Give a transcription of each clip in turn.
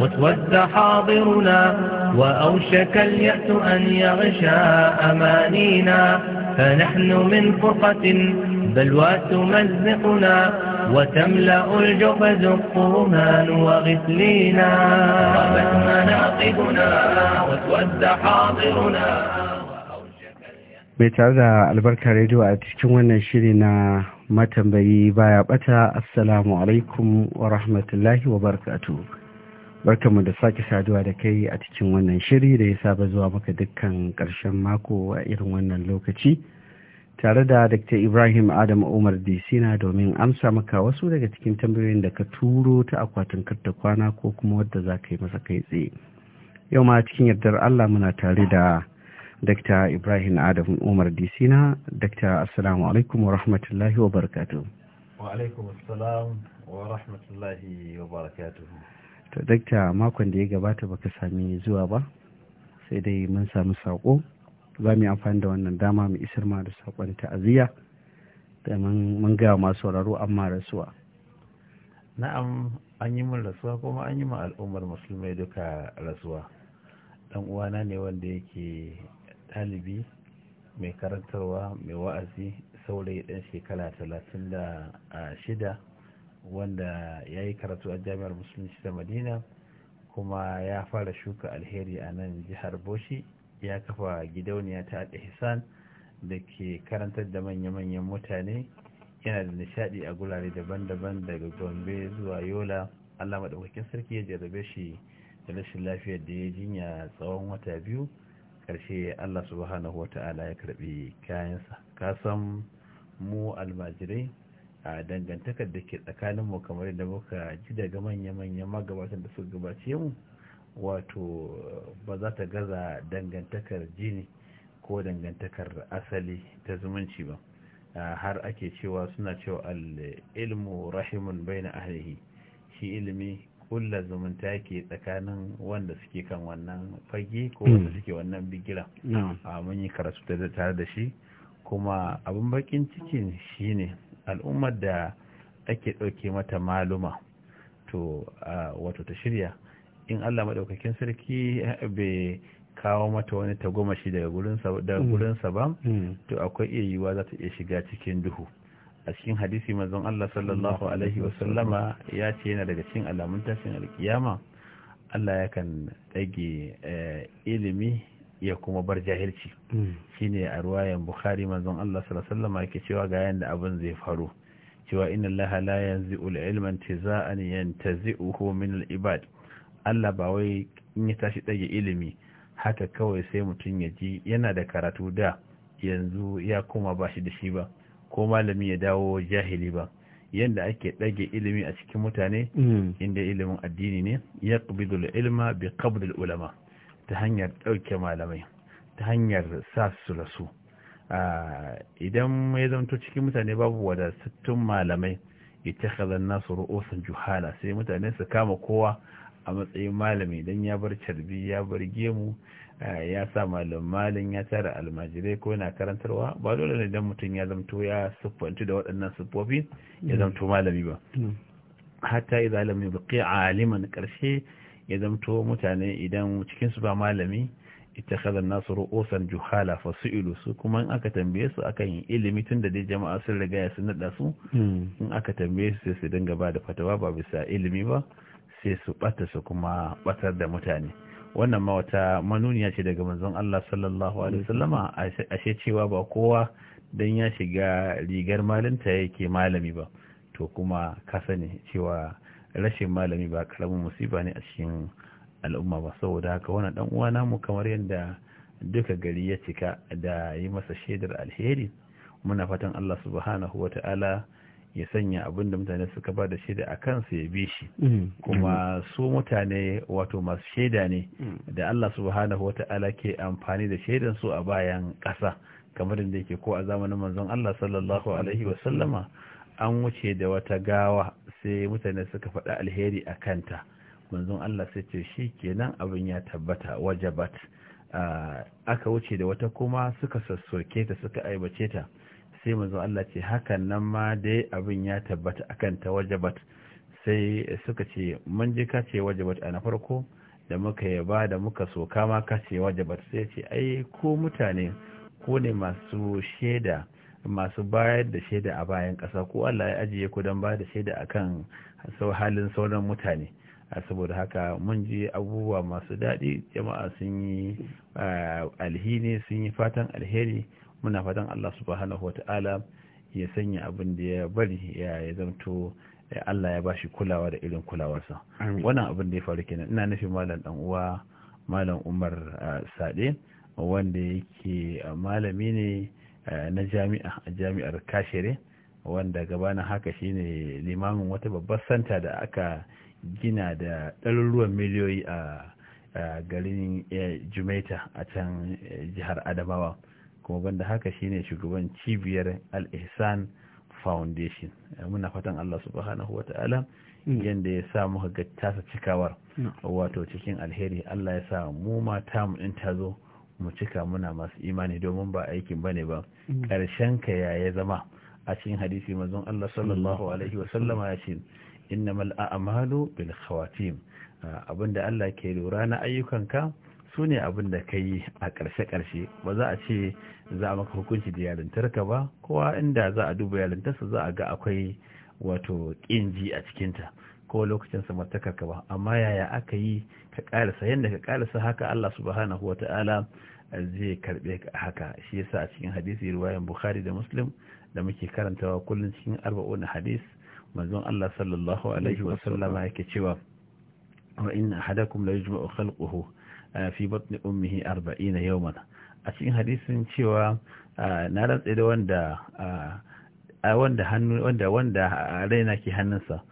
وتود حاضرنا وأوشك اليأس أن يغشى أمانينا فنحن من فرقة بلوى تمزقنا وتملأ الجفز القرمان وغسلينا غابت مناقبنا وتود حاضرنا mai tare da albarka rediyo a cikin wannan shiri na matambayi baya bata assalamu alaikum wa rahmatullahi wa barakatuh barkamu da sake saduwa da kai a cikin wannan shiri da ya saba zuwa maka dukkan karshen mako a irin wannan lokaci tare da dr ibrahim adam umar disina domin amsa maka wasu daga cikin tambayoyin da ka turo ta akwatin karta kwana ko kuma wadda za ka yi masa kai tsaye yau ma cikin yardar allah muna tare da dr ibrahim adam umar disina dr assalamu alaikum wa rahmatullahi wa barakatuhu wa alaikum assalam wa rahmatullahi wa barakatuhu to dakta makon da ya gabata baka sami zuwa ba sai dai mun sami saƙo za mu yi amfani da wannan dama mu isar ma da saƙon ta'aziyya da mun gaya masu sauraro amma rasuwa na'am an yi min rasuwa kuma an yi ma al'ummar musulmai duka rasuwa dan uwana ne wanda yake ɗalibi mai karantarwa mai wa'azi saurayi ɗan shekara talatin da shida wanda ya yi karatu a jami'ar musulunci da madina kuma ya fara shuka alheri a nan jihar Boshi ya kafa gidauniya ta hisan da ke karantar da manya-manyan mutane yana da nishaɗi a gurare daban-daban daga gombe zuwa yola allah maɗaukakin sarki ya jarabe shi da rashin lafiyar da ya jinya tsawon wata biyu ƙarshe allah subhanahu wa ta'ala ya karɓi kayansa kasan mu almajirai a dangantakar da ke tsakanin mu kamar yadda muka ji daga manya manya magabatan da suka gabace mu wato ba za ta gaza dangantakar jini ko dangantakar asali ta zumunci ba har ake cewa suna cewa al’ilmu ilmu rahimun baina ahlihi shi ilimi kulla zumunta ke tsakanin wanda suke kan wannan fage ko wanda hmm. suke wannan bigira a mun yi karatu tare da shi kuma abin bakin cikin ne. al'ummar da ake ɗauke mata maluma to wato ta shirya in Allah maɗaukakin sarki bai kawo mata wani ta tagomashi daga gurinsa mm. ba mm. to akwai iya yiwuwa za ta iya shiga cikin duhu a cikin hadisi manzon Allah sallallahu alaihi wasallama ya ce yana daga cikin alamun tashin alkiyama Allah ya kan ɗage eh, ilimi ya kuma bar jahilci hmm. shine a ruwayan bukhari manzon Allah sallallahu alaihi cewa ga yanda abin zai faru cewa inna allaha la yanzi'u al-ilma intiza'an yantazi'uhu min al-ibad Allah ba wai in ya tashi dage ilimi haka kawai sai mutum ya ji yana da karatu da yanzu ya kuma ba shi da shi ba ko malami ya dawo jahili ba yanda ake dage ilimi a cikin mutane hmm. inda ilimin addini ne yaqbidu al-ilma bi qabd ulama ta hanyar ɗauke malamai ta hanyar sa su rasu idan ya zanto cikin mutane babu wadatattun malamai ita nasu ru'usan juhala sai mutane su kama kowa a matsayin malami idan ya bar carbi ya bar gemu ya sa malam malin ya tara almajirai ko yana karantarwa ba dole ne idan mutum ya zamto ya siffanci da waɗannan siffofi ya mm. zamto malami ba mm. hatta idza lam yubqi aliman karshe ya zamto mutane idan cikinsu ba malami ita kazan nasu ru'usan juhala ilu su kuma in aka tambaye su akan ilimi tun da dai jama'a sun riga sun nada su hmm. in aka tambaye su sai su dinga ba da fatawa ba bisa ilimi ba sai su bata su kuma batar da mutane wannan ma wata manuniya ce daga manzon Allah sallallahu alaihi wasallama ashe cewa ba kowa dan ya shiga rigar malinta yake malami ba to kuma ka sani cewa rashin malami ba karamin musiba ne a cikin al'umma ba saboda haka wani dan uwa namu kamar yadda duka gari ya cika da yi masa shaidar alheri muna fatan Allah subhanahu wa ta'ala ya sanya abin da mutane suka ba da shaida a kansu ya bi shi mm. Mm. kuma su mutane wato masu shaida ne mm. da Allah subhanahu wa ta'ala ke amfani da shaidan su a bayan kasa kamar da yake ko a zamanin manzon Allah sallallahu alaihi wa sallama an wuce da wata gawa sai mutane suka faɗa alheri a kanta manzon Allah sai ce shi kenan abin ya tabbata wajabat aka wuce da wata kuma suka sassoke ta suka aibace ta sai manzon Allah ce hakan nan ma dai abin ya tabbata a kanta wajabat sai suka ce mun ji ka wajabat a na farko da muka yaba da muka soka ma kace ce wajabat sai ce ai ko mutane ko ne masu shaida masu bayar da shaida a bayan ƙasa ko Allah ya ajiye ku don bayar da shaida a kan halin sauran mutane saboda haka mun ji abubuwa masu daɗi jama'a sun yi alhini sun yi fatan alheri muna fatan Allah subhanahu wata'ala ya sanya abin da ya bari ya zamto Allah ya bashi kulawa da irin kulawarsa wannan abin da ya faru kenan ina nufi malam dan uwa malam Umar Sade wanda yake malami ne Eh, na jami'a a jami'ar kashere wanda gabanin haka shine limamin wata babbar santa da aka gina da ɗaruruwan miliyoyi a garin eh, jumaita a can eh, jihar adamawa kuma banda haka shine shugaban cibiyar al-ihsan foundation muna fatan allah subhanahu wa ta'ala mm. yadda ya sa muka ga tasa cikawar wato cikin alheri allah ya sa mu mata mu in tazo. mu cika muna masu imani domin ba aikin bane ba ƙarshen mm. ka ya zama a cikin hadisi manzon Allah sallallahu alaihi wa sallama ya ce innamal a'malu bil khawatim abinda Allah ke lura na ayyukanka su ne abin da ka yi a ƙarshe-ƙarshe ba za a ce za a maka hukunci da yarintarka ba kowa inda za a duba yarintarsa za a ga akwai wato ƙinji a cikinta ko lokacin samartakar ka ba amma yaya aka yi ka karasa yadda ka karasa haka Allah subhanahu wa ta'ala zai karbe ka haka shi yasa a cikin hadisi riwayan Bukhari da Muslim da muke karantawa kullun cikin arba'un hadis manzon Allah sallallahu alaihi wa sallama yake cewa wa inna ahadakum la yujma'u khalquhu eh, fi batni ummihi 40 yawman a cikin hadisin cewa ah, na rantsa da wanda ah, ah, wanda hannu wanda wanda raina ke hannunsa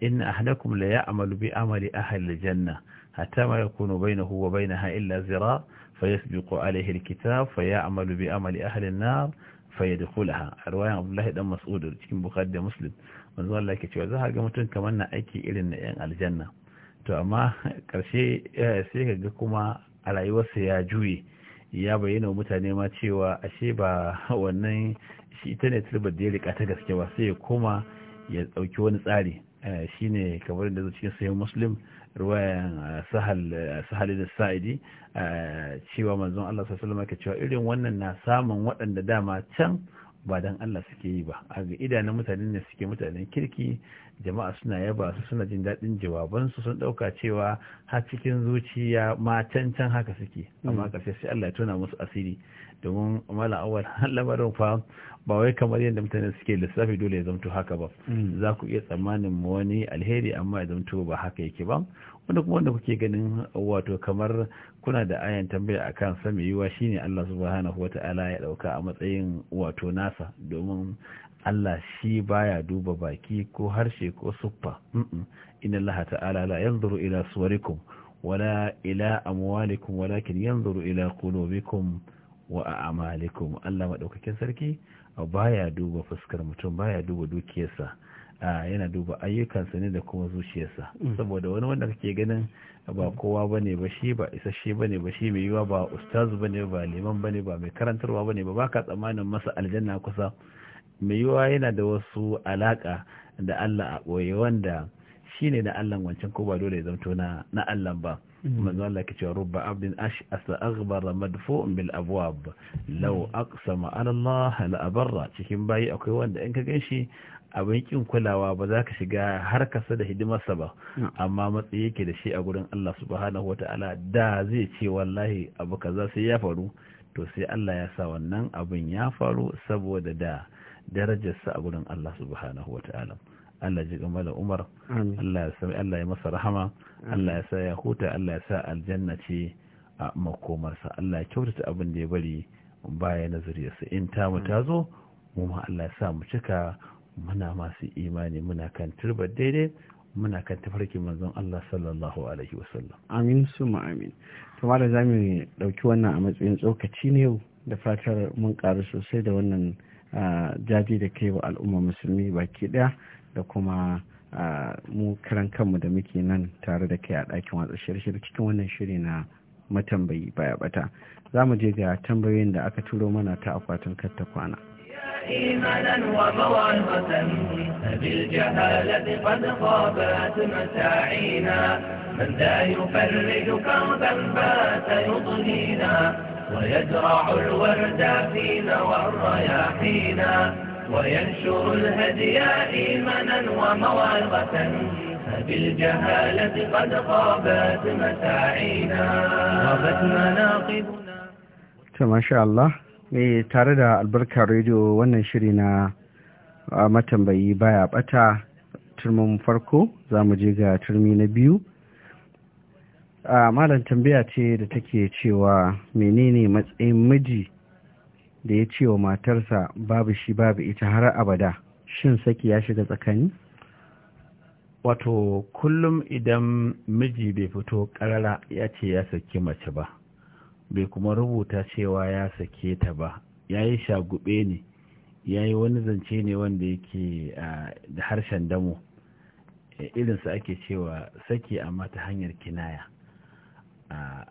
inna ahadakum la ya'malu bi amali ahli janna hatta ma yakunu huwa wa bainaha illa zira fayasbiqu alayhi alkitab fayamalu bi amali ahli an-nar fayadkhulaha riwayan Abdullahi dan Mas'ud cikin Bukhari da Muslim manzo Allah yake cewa za ga mutum kamar na aiki irin na yan aljanna to amma karshe sai ka ga kuma a rayuwarsa ya juye ya bayyana mutane ma cewa ashe ba wannan shi ita ne turbar da ya rika ta gaske ba sai ya koma ya dauki wani tsari shi eh, shine kamar da cikin sahih muslim ruwayan eh, sahal da eh, sa'idi cewa manzon Allah sallallahu alaihi cewa irin wannan na samun waɗanda dama can ba dan Allah suke yi ba a ga idanun mutanen ne suke mutanen kirki jama'a suna yaba su suna jin daɗin jawabansu sun ɗauka cewa har cikin zuciya ma can haka suke amma ka hmm. sai Allah ya tona musu asiri domin mala awal lamarin fa ba wai kamar yadda mutane suke lissafi dole ya zamto haka ba hmm. za ku iya tsammanin wani alheri amma ya zamto ba haka yake ba wanda kuma wanda kuke ganin wato kamar kuna da ayan tambaya akan sami yiwuwa yiwa shine Allah subhanahu ta'ala ya ɗauka a matsayin wato nasa domin Allah shi baya duba baki ko harshe ko suffa inna Allah ta'ala la yanzuru ila suwarikum wala ila amwalikum walakin yanzuru ila qulubikum wa a'malikum Allah madaukakin sarki baya duba fuskar mutum baya duba dukiyarsa yana duba ayyukansa ne da kuma zuciyarsa mm. saboda wani wanda kake ganin ba kowa bane ba shi ba isasshe bane ba shi mai yiwa ba ustazu bane ba liman bane ba mai karantarwa bane ba baka tsammanin masa aljanna kusa mai yiwa yana da wasu alaka da Allah a boye wanda shine na Allah wancan ko ba dole ya zanto na na Allah ba mm. manzo Allah ke cewa rubba abdin ash asa madfu'un bil abwab law aqsama ala Allah la abarra cikin bayi akwai wanda in ka ganshi abin kin kulawa ba za ka shiga harkarsa da hidimarsa ba amma matsayi yake da shi a gurin Allah subhanahu wata'ala da zai ce wallahi abu kaza sai ya faru to sai Allah ya sa wannan abin ya faru saboda da darajarsa a gurin Allah subhanahu wata'ala Allah ji gamala Umar Allah ya sami Allah ya masa rahama Allah ya sa ya huta Allah ya sa aljanna ce a makomarsa Allah ya kyautata abin da ya bari baya nazariyarsa in ta ta zo mu ma Allah ya sa mu cika muna masu imani muna kan turbar daidai muna kan tafarki manzon Allah sallallahu alaihi wasallam amin su mu amin kuma da zamu dauki wannan a matsayin tsokaci ne yau da fatar mun karu sosai da wannan jaji da kai wa al'umma musulmi baki daya da kuma mu karan kanmu da muke nan tare da kai a ɗakin watsa shirye cikin wannan shiri na matambayi baya bata za mu je ga tambayoyin da aka turo mana ta akwatin kar kwana إيمانا وموعظة فبالجهالة قد خابت مساعينا من ذا يفرج كربا بات يضنينا ويزرع الورد فينا والرياحينا وينشر الهدي إيمانا وموعظة فبالجهالة قد خابت مساعينا غابت مناقبنا ما شاء الله mai eh, tare da albarkar Radio wannan shiri na matambayi baya bata turmin farko za mu je ga turmi na biyu A malam tambaya ce da take cewa menene matsayin miji da ya ce wa matarsa babu shi babu ita har abada shin saki ya shiga tsakani wato kullum idan miji bai fito karara ya ce ya saki mace ba bai kuma rubuta cewa ya sake ta ba ya yi shagube ne ya yi wani zance ne wanda yake da harshen damo e, irinsa ake cewa saki amma ta hanyar kinaya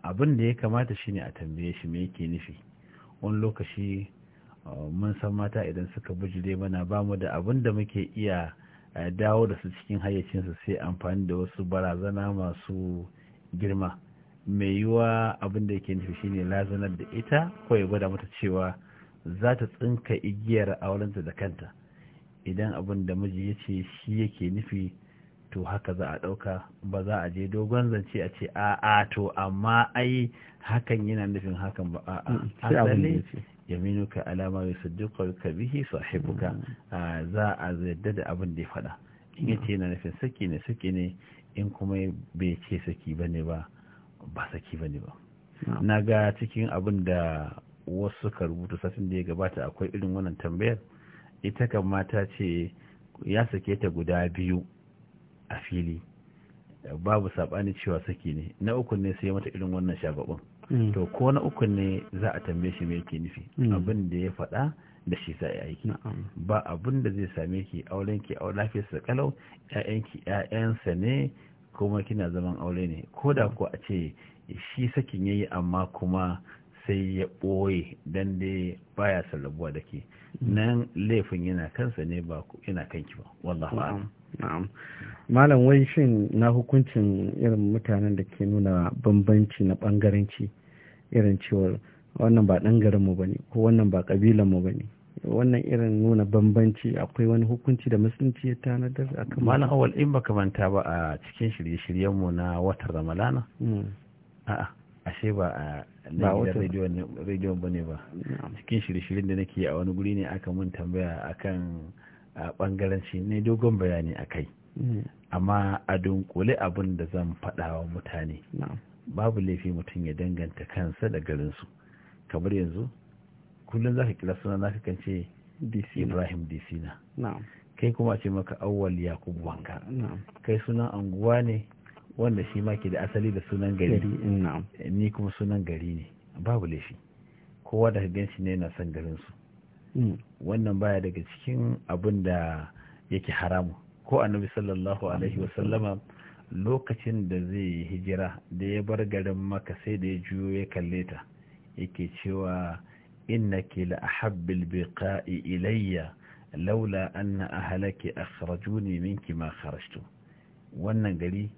abin da ya kamata shi ne a tambaye shi me yake nufi wani lokaci mun san mata idan suka bujire mana ba mu da abin da muke iya dawo da su cikin hayyacinsu sai amfani da wasu barazana masu girma mai yiwa abin da yake nufi shine lazanar da ita ko ya gwada mata cewa za ta tsinka igiyar aurenta da kanta idan abin da miji ya ce shi yake nufi to haka za a ɗauka ba za a je dogon zance a ce a a to amma ai hakan yana nufin hakan ba mm, mm. a a asali ka alama ya sadduka ka bihi sahibuka za a zarda da abin da ya faɗa in yace yana nufin saki ne saki ne in kuma bai ce saki ba ne ba ba saki ba ne ba na ga cikin abin da wasu suka rubuta satin da ya gabata akwai irin wannan tambayar ita kan mata ce ya sake ta guda biyu a fili babu saɓani cewa saki ne na uku ne sai mata irin wannan shagabun mm. to ko na uku ne za a tambaye shi me yake nufi mm. abin da ya faɗa da shi za a aiki ba abin da zai same ki auren ki lafiyarsa kalau yayanki yayansa ne kuma kina zaman aure ne ko da ko a ce shi sakin yayi amma kuma sai ya ɓoye dan dai baya sallabuwa da ke mm. nan laifin yana kansa ne ba yana kanki ba wallahi na'am malam wai shin na hukuncin irin mutanen da ke nuna bambanci na bangaranci irin cewar wannan ba dan garin mu bane ko wannan ba kabilan mu bane wannan irin nuna bambanci akwai wani hukunci da musulunci ya tanadar a kan mana awal in baka manta ba a cikin shirye-shiryenmu na watan ramalana hmm. a'a ashe ba a gidan rediyon ba ne ba cikin shirye-shiryen da nake a wani guri ne aka mun tambaya akan bangaren shi ne dogon bayani a kai hmm. amma a dunkule abin da zan faɗa wa mutane babu laifi mutum ya danganta kansa da garinsu kamar yanzu kullum za ka kira suna na kan ce ibrahim disina kai kuma ce maka awwal yakubu wanka kai sunan anguwa ne wanda shi ma ke da asali da sunan gari ni kuma sunan gari ne babu laifi kowa da gan shi ne yana son garinsu mm. wannan baya daga cikin abin da yake haramu ko annabi sallallahu alaihi wasallama lokacin da zai hijira da ya bar garin maka sai da ya juyo ya kalle ta yake cewa إنك لأحب البقاء إلي لولا أن أهلك أخرجوني منك ما خرجت wannan gari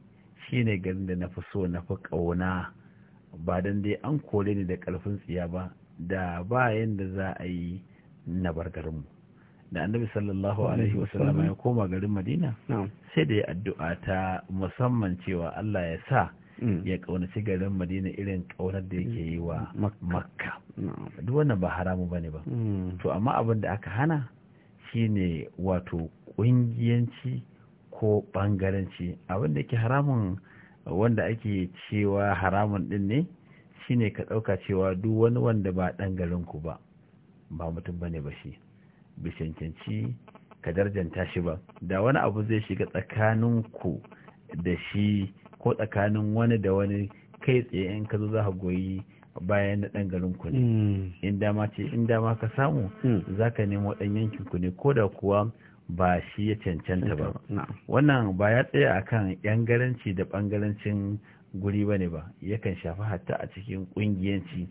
shine garin da na fi so na fi ƙauna ba don dai an kore ni da ƙarfin tsiya ba da bayan da za a yi na bar garinmu da annabi sallallahu alaihi wasallam ya koma garin madina sai da ya addu'a ta musamman cewa allah ya sa Mm. ya kaunaci garin madina irin kaunar da yake yi wa makka duk wannan ba haramu bane ba mm. to amma abin da aka hana shine wato kungiyanci ko bangaranci abin da yake haramun wanda ake cewa haramun din ne shine ka ɗauka cewa duk wani wanda ba ɗan ku ba ba mutum ba ne ba shi bishancanci ka darjanta shi ba da wani abu zai shiga tsakanin ku da shi ko tsakanin wani da wani kai tsaye in ka zo za ka goyi bayan na ɗan garin ku ne hmm. in dama ce in dama ka samu hmm. za ka nemi ɗan yankin ku ne ko da kuwa ba shi ya cancanta ba wannan ba ya tsaya a kan yan garanci da ɓangarancin guri ba ne ba yakan shafi hatta a cikin ƙungiyanci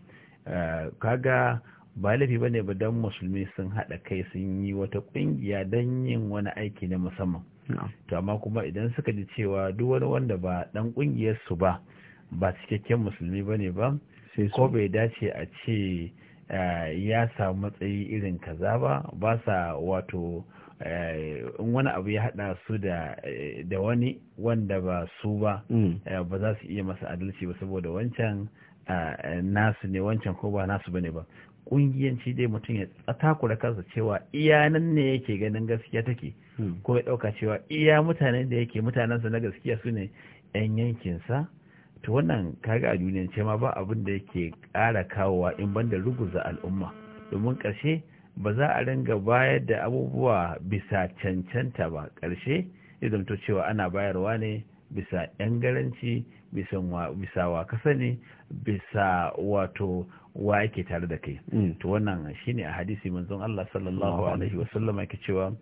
eh, kaga ba laifi ba ne ba don musulmi sun haɗa kai sun yi wata ƙungiya don yin wani aiki na musamman to amma kuma idan suka ji cewa duk wani wanda ba dan kungiyar su ba ba cikakken musulmi bane ba ko bai dace a ce eh, ya samu matsayi irin kaza ba ba sa wato eh, in wani abu ya hada su eh, da wani wanda ba su ba mm. ba za su iya masa adalci ba saboda wancan nasu ne wancan ko ba nasu bane ba kungiyanci dai mutum ya takura kansa cewa iya nan ne yake ganin gaskiya take hmm. ko ya dauka cewa iya mutanen da yake mutanensa na gaskiya su ne yan yankinsa to wannan kaga a duniyan ce ma ba abin da yake ƙara kawowa in banda ruguza al'umma domin karshe ba za a ringa bayar da abubuwa bisa cancanta ba karshe? ya zamto cewa ana bayarwa ne bisa yangaranci bisa wa kasa ne bisa wato wa yake tare da kai mm. to wannan shine a hadisi manzon Allah sallallahu alaihi wasallam yake cewa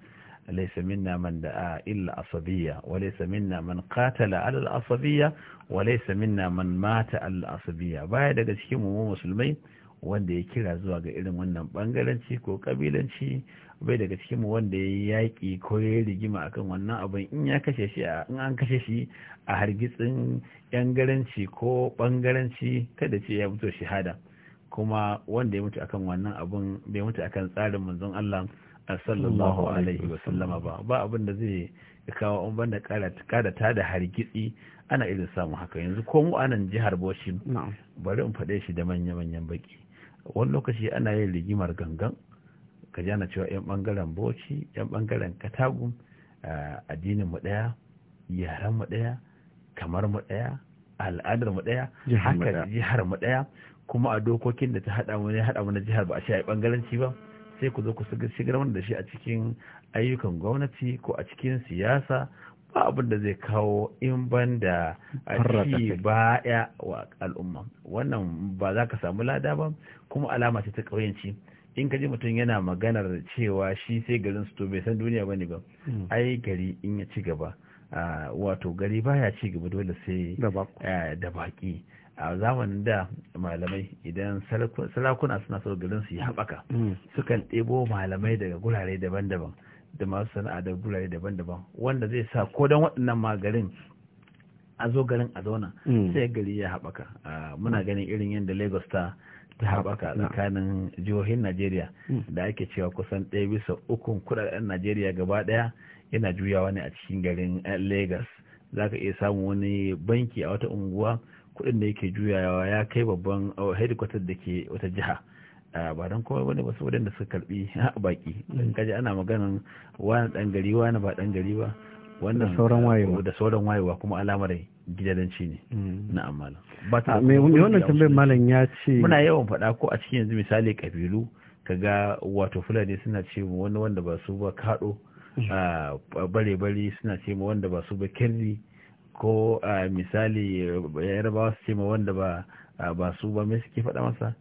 ليس منا من دعا إلا أصبية وليس منا من قاتل على الأصبية وليس man mata مات على baya daga cikin mummun musulmai wanda ya kira zuwa ga irin wannan bangaranci ko kabilanci bai daga cikin mu wanda ya yaƙi ko ya yi rigima akan wannan abin in ya kashe shi a in an kashe shi a hargitsin yan garanci ko bangaranci kada ce ya mutu shahada kuma wanda ya mutu akan wannan abin bai mutu akan tsarin manzon Allah sallallahu alaihi wa sallama ba ba abin da zai kawo an banda kada ta da hargitsi ana irin samu haka yanzu ko mu anan jihar Bauchi bari in faɗe shi da manya-manyan baki wani lokaci ana yin rigimar gangan ka jana cewa 'yan ɓangaren boci 'yan bangaren katagun addinin mu ɗaya yaren mu ɗaya kamar mu ɗaya al'adar mu ɗaya haka jihar mu ɗaya kuma a dokokin da ta haɗa mu ne haɗa mu jihar ba a shi a bangaranci ba sai ku zo ku shigar wanda da shi a cikin ayyukan gwamnati ko a cikin siyasa ba abin da zai kawo in ban da ci baya wa al'umma wannan ba za ka samu lada ba kuma alama ce ta ƙauyenci in ka ji mutum yana maganar cewa shi sai garin su to bai san duniya bane ba hmm. ai gari in ya ci gaba wato gari baya ci gaba dole sai da baki a zamanin da malamai idan sarakuna suna so garin su yi haɓaka hmm. sukan ɗebo malamai daga gurare daban-daban da masu sana'a da gurare daban-daban wanda zai sa ko don waɗannan magarin a zo garin a zauna hmm. sai gari ya haɓaka muna ganin irin yadda lagos ta ta haɓaka tsakanin jihohin najeriya hmm. da ake cewa kusan ɗaya bisa ukun kudaden najeriya gaba ɗaya yana juyawa ne a cikin garin eh, lagos za ka iya samun wani banki a wata unguwa kuɗin da yake juyawa ya kai babban oh, headquarter da ke wata jiha ba don kowa wani wasu da suka karbi baki don hmm. kaji ana maganan wani ɗan gari wani ba ɗan gari ba wannan eh, da sauran wayewa kuma alamarai. gidadanci ne mm. na amala ba ta ah, mai wannan tambayar malam ya ce muna yawan faɗa ko a cikin yanzu misali kabilu kaga wato fulani suna ce wani wanda ba su ba kado mm. ah, bare-bare suna ce wanda ba su ba kirri ko ah, misali yarabawa su ce wanda ba ba su ba mai suke faɗa masa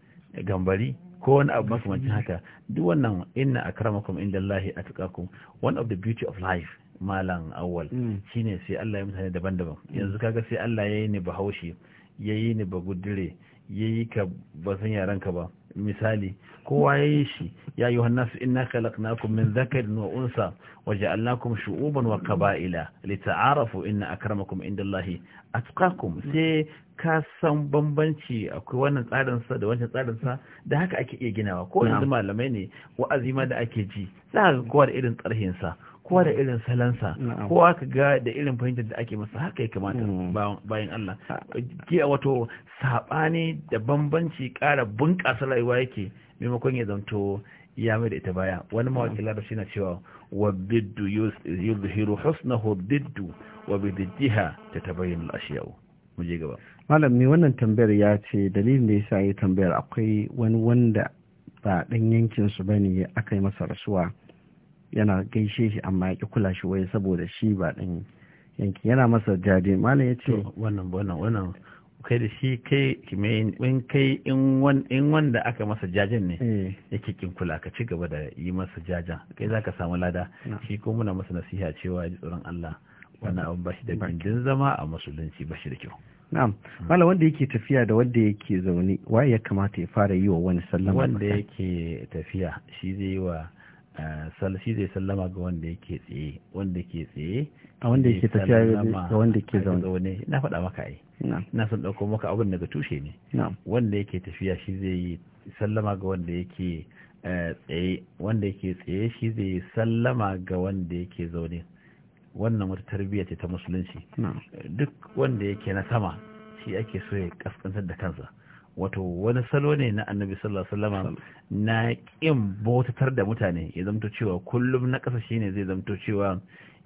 gambari ko wani abu makamancin haka duk wannan inna akramakum indallahi atqakum one of the beauty of life malam awal mm. shine sai Allah ya mutane daban-daban mm. yanzu kaga sai Allah ya yi ni bahaushe ya yi ni bagudire ya yi ka ba san yaran ka ba misali kowa ya yi shi ya yi wannan su na ku min dhakarin wa unsa wa ja'alnakum shu'uban wa qaba'ila kuma inna akramakum a atqakum mm. sai ka san bambanci akwai wannan tsarin da wancan tsarin da haka ake iya ginawa ko yanzu malamai ne wa'azi ma da ake ji za ka kowa da irin tsarhin kowa da irin salansa kowa ka ga da irin fahimtar da ake masa haka ya kamata mm. bayan Allah ke wato saɓani da bambanci kara bunƙasa rayuwa yake maimakon ya zanto ya mai da ita baya wani mawaƙi larabci na cewa wa biddu yuzhiru husnahu biddu wa jiha tatabayyanu al-ashya'u mu je gaba malam me wannan tambayar ya ce dalilin da yasa yi tambayar akwai wani wanda ba dan yankin su bane aka yi masa rasuwa yana gaishe shi amma ya ki kula shi wai saboda shi ba ɗin yanki yana masa jaje malam ya ce wannan wannan wannan kai da shi kai in kai in wanda aka masa jajen ne eh. yake kin kula ka ci gaba da yi masa jajen kai za ka samu lada shi ko muna masa nasiha cewa ji tsoron Allah wannan abin ba shi da gindin zama a musulunci ba shi da kyau na'am hmm. mala wanda yake tafiya da wanda yake zaune waye ya kamata ya fara yi wa wani sallama wanda yake tafiya shi zai yi wa shi zai sallama ga wanda yake tsaye wanda ke tsaye a wanda yake tafiya ga wanda ke zaune na faɗa maka ai na san ɗauko maka abin daga tushe ne wanda yake tafiya shi zai yi sallama ga wanda yake eh, tsaye wanda yake tsaye shi zai yi sallama ga wanda yake zaune wannan wata tarbiyya ce ta musulunci duk wanda yake na sama shi ake so ya kaskantar da kansa wato wani salo ne na annabi sallallahu alaihi na kin bautatar da mutane ya zamto cewa kullum na ƙasa shine zai zamto cewa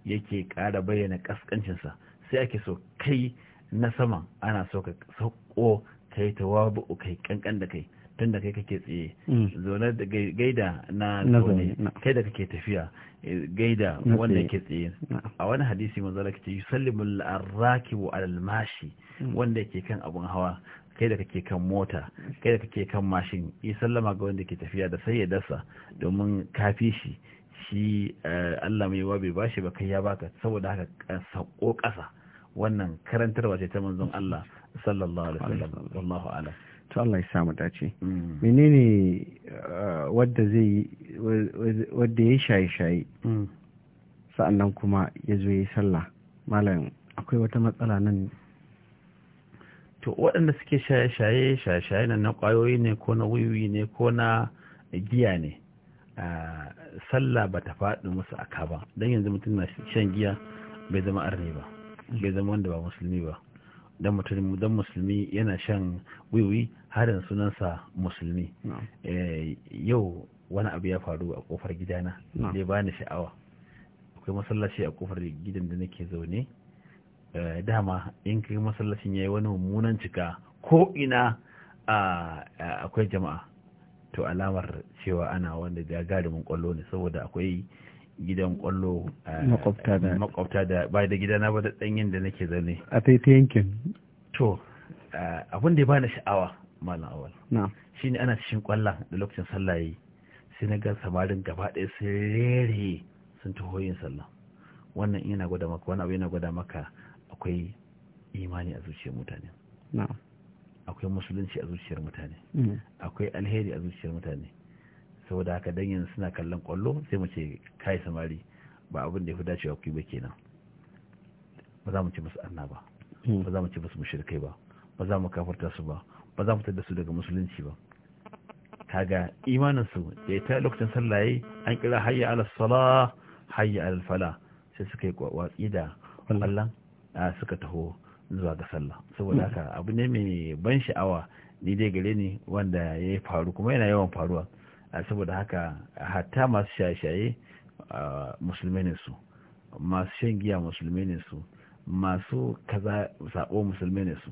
yake ƙara bayyana ƙasƙancinsa sai ake so kai na sama ana so ka sauko kai tawabu kai kankan da kai tunda kai kake tsaye mm. zaune da gaida na zaune kai da kake tafiya eh, gaida wanda ke tsaye a wani hadisi Allah kace yusallimu al-rakibu al-mashi mm. wanda yake kan abun hawa kai da kake kan mota kai da kake kan mashin yi sallama ga wanda ke tafiya da sai ya dasa domin kafi shi shi eh, Allah mai yawa bai bashi ba kai ya baka saboda haka eh, sako ƙasa wannan karantarwa ce ta manzon Allah sallallahu alaihi wasallam wallahu a'lam to Allah ya samu dace mm. menene eh, wanda zai wanda ya shaye shaye mm. sa'annan kuma ya zo yi sallah malam akwai wata matsala nan to waɗanda suke shaye-shaye shaye-shaye na ƙwayoyi ne ko na wiwi ne ko na giya ne sallah ba ta faɗi musu a ba don yanzu mutum na shan giya bai zama arni ba bai zama wanda ba musulmi ba don mutum don musulmi yana shan wiwi har harin sunansa musulmi eh, yau wani abu ya faru a kofar gidana ba bani sha'awa akwai masallaci a kofar gidan da nake zaune Eh, dama in kai masallacin yayi wani mummunan cika ko ina akwai jama'a to alamar cewa ana wanda gagarumin kwallo ne saboda akwai gidan kwallo makwabta da bai da gidana ba da danyen da nake zane a ta yankin to abin da ya bani sha'awa malam awal shine ana cikin kwallon da lokacin sallaye sai na ga samarin gaba ɗaya sun rere sun taho yin sallah wannan ina gwada maka wani abu yana gwada maka akwai imani a zuciyar mutane akwai musulunci a zuciyar mutane mm. akwai alheri a zuciyar mutane saboda haka dan yanzu suna kallon kwallo sai mu ce kai samari ba abin da ya fi dacewa ku ba kenan ba za mu ci musu anna ba mm. ba za mu ci musu mushrikai ba ba za mu kafarta su ba ba za mu tada su daga musulunci ba kaga imanin su da ita lokacin sallah yayi an kira hayya ala salah hayya ala fala sai suka yi watsi da mm. wallan suka taho zuwa ga sallah saboda haka abu ne mai ban sha'awa ni dai gare ni wanda ya faru kuma yana yawan faruwa saboda haka hatta masu shaye-shaye musulmai ne su masu shan giya musulmai ne su masu kaza sabo musulmai ne su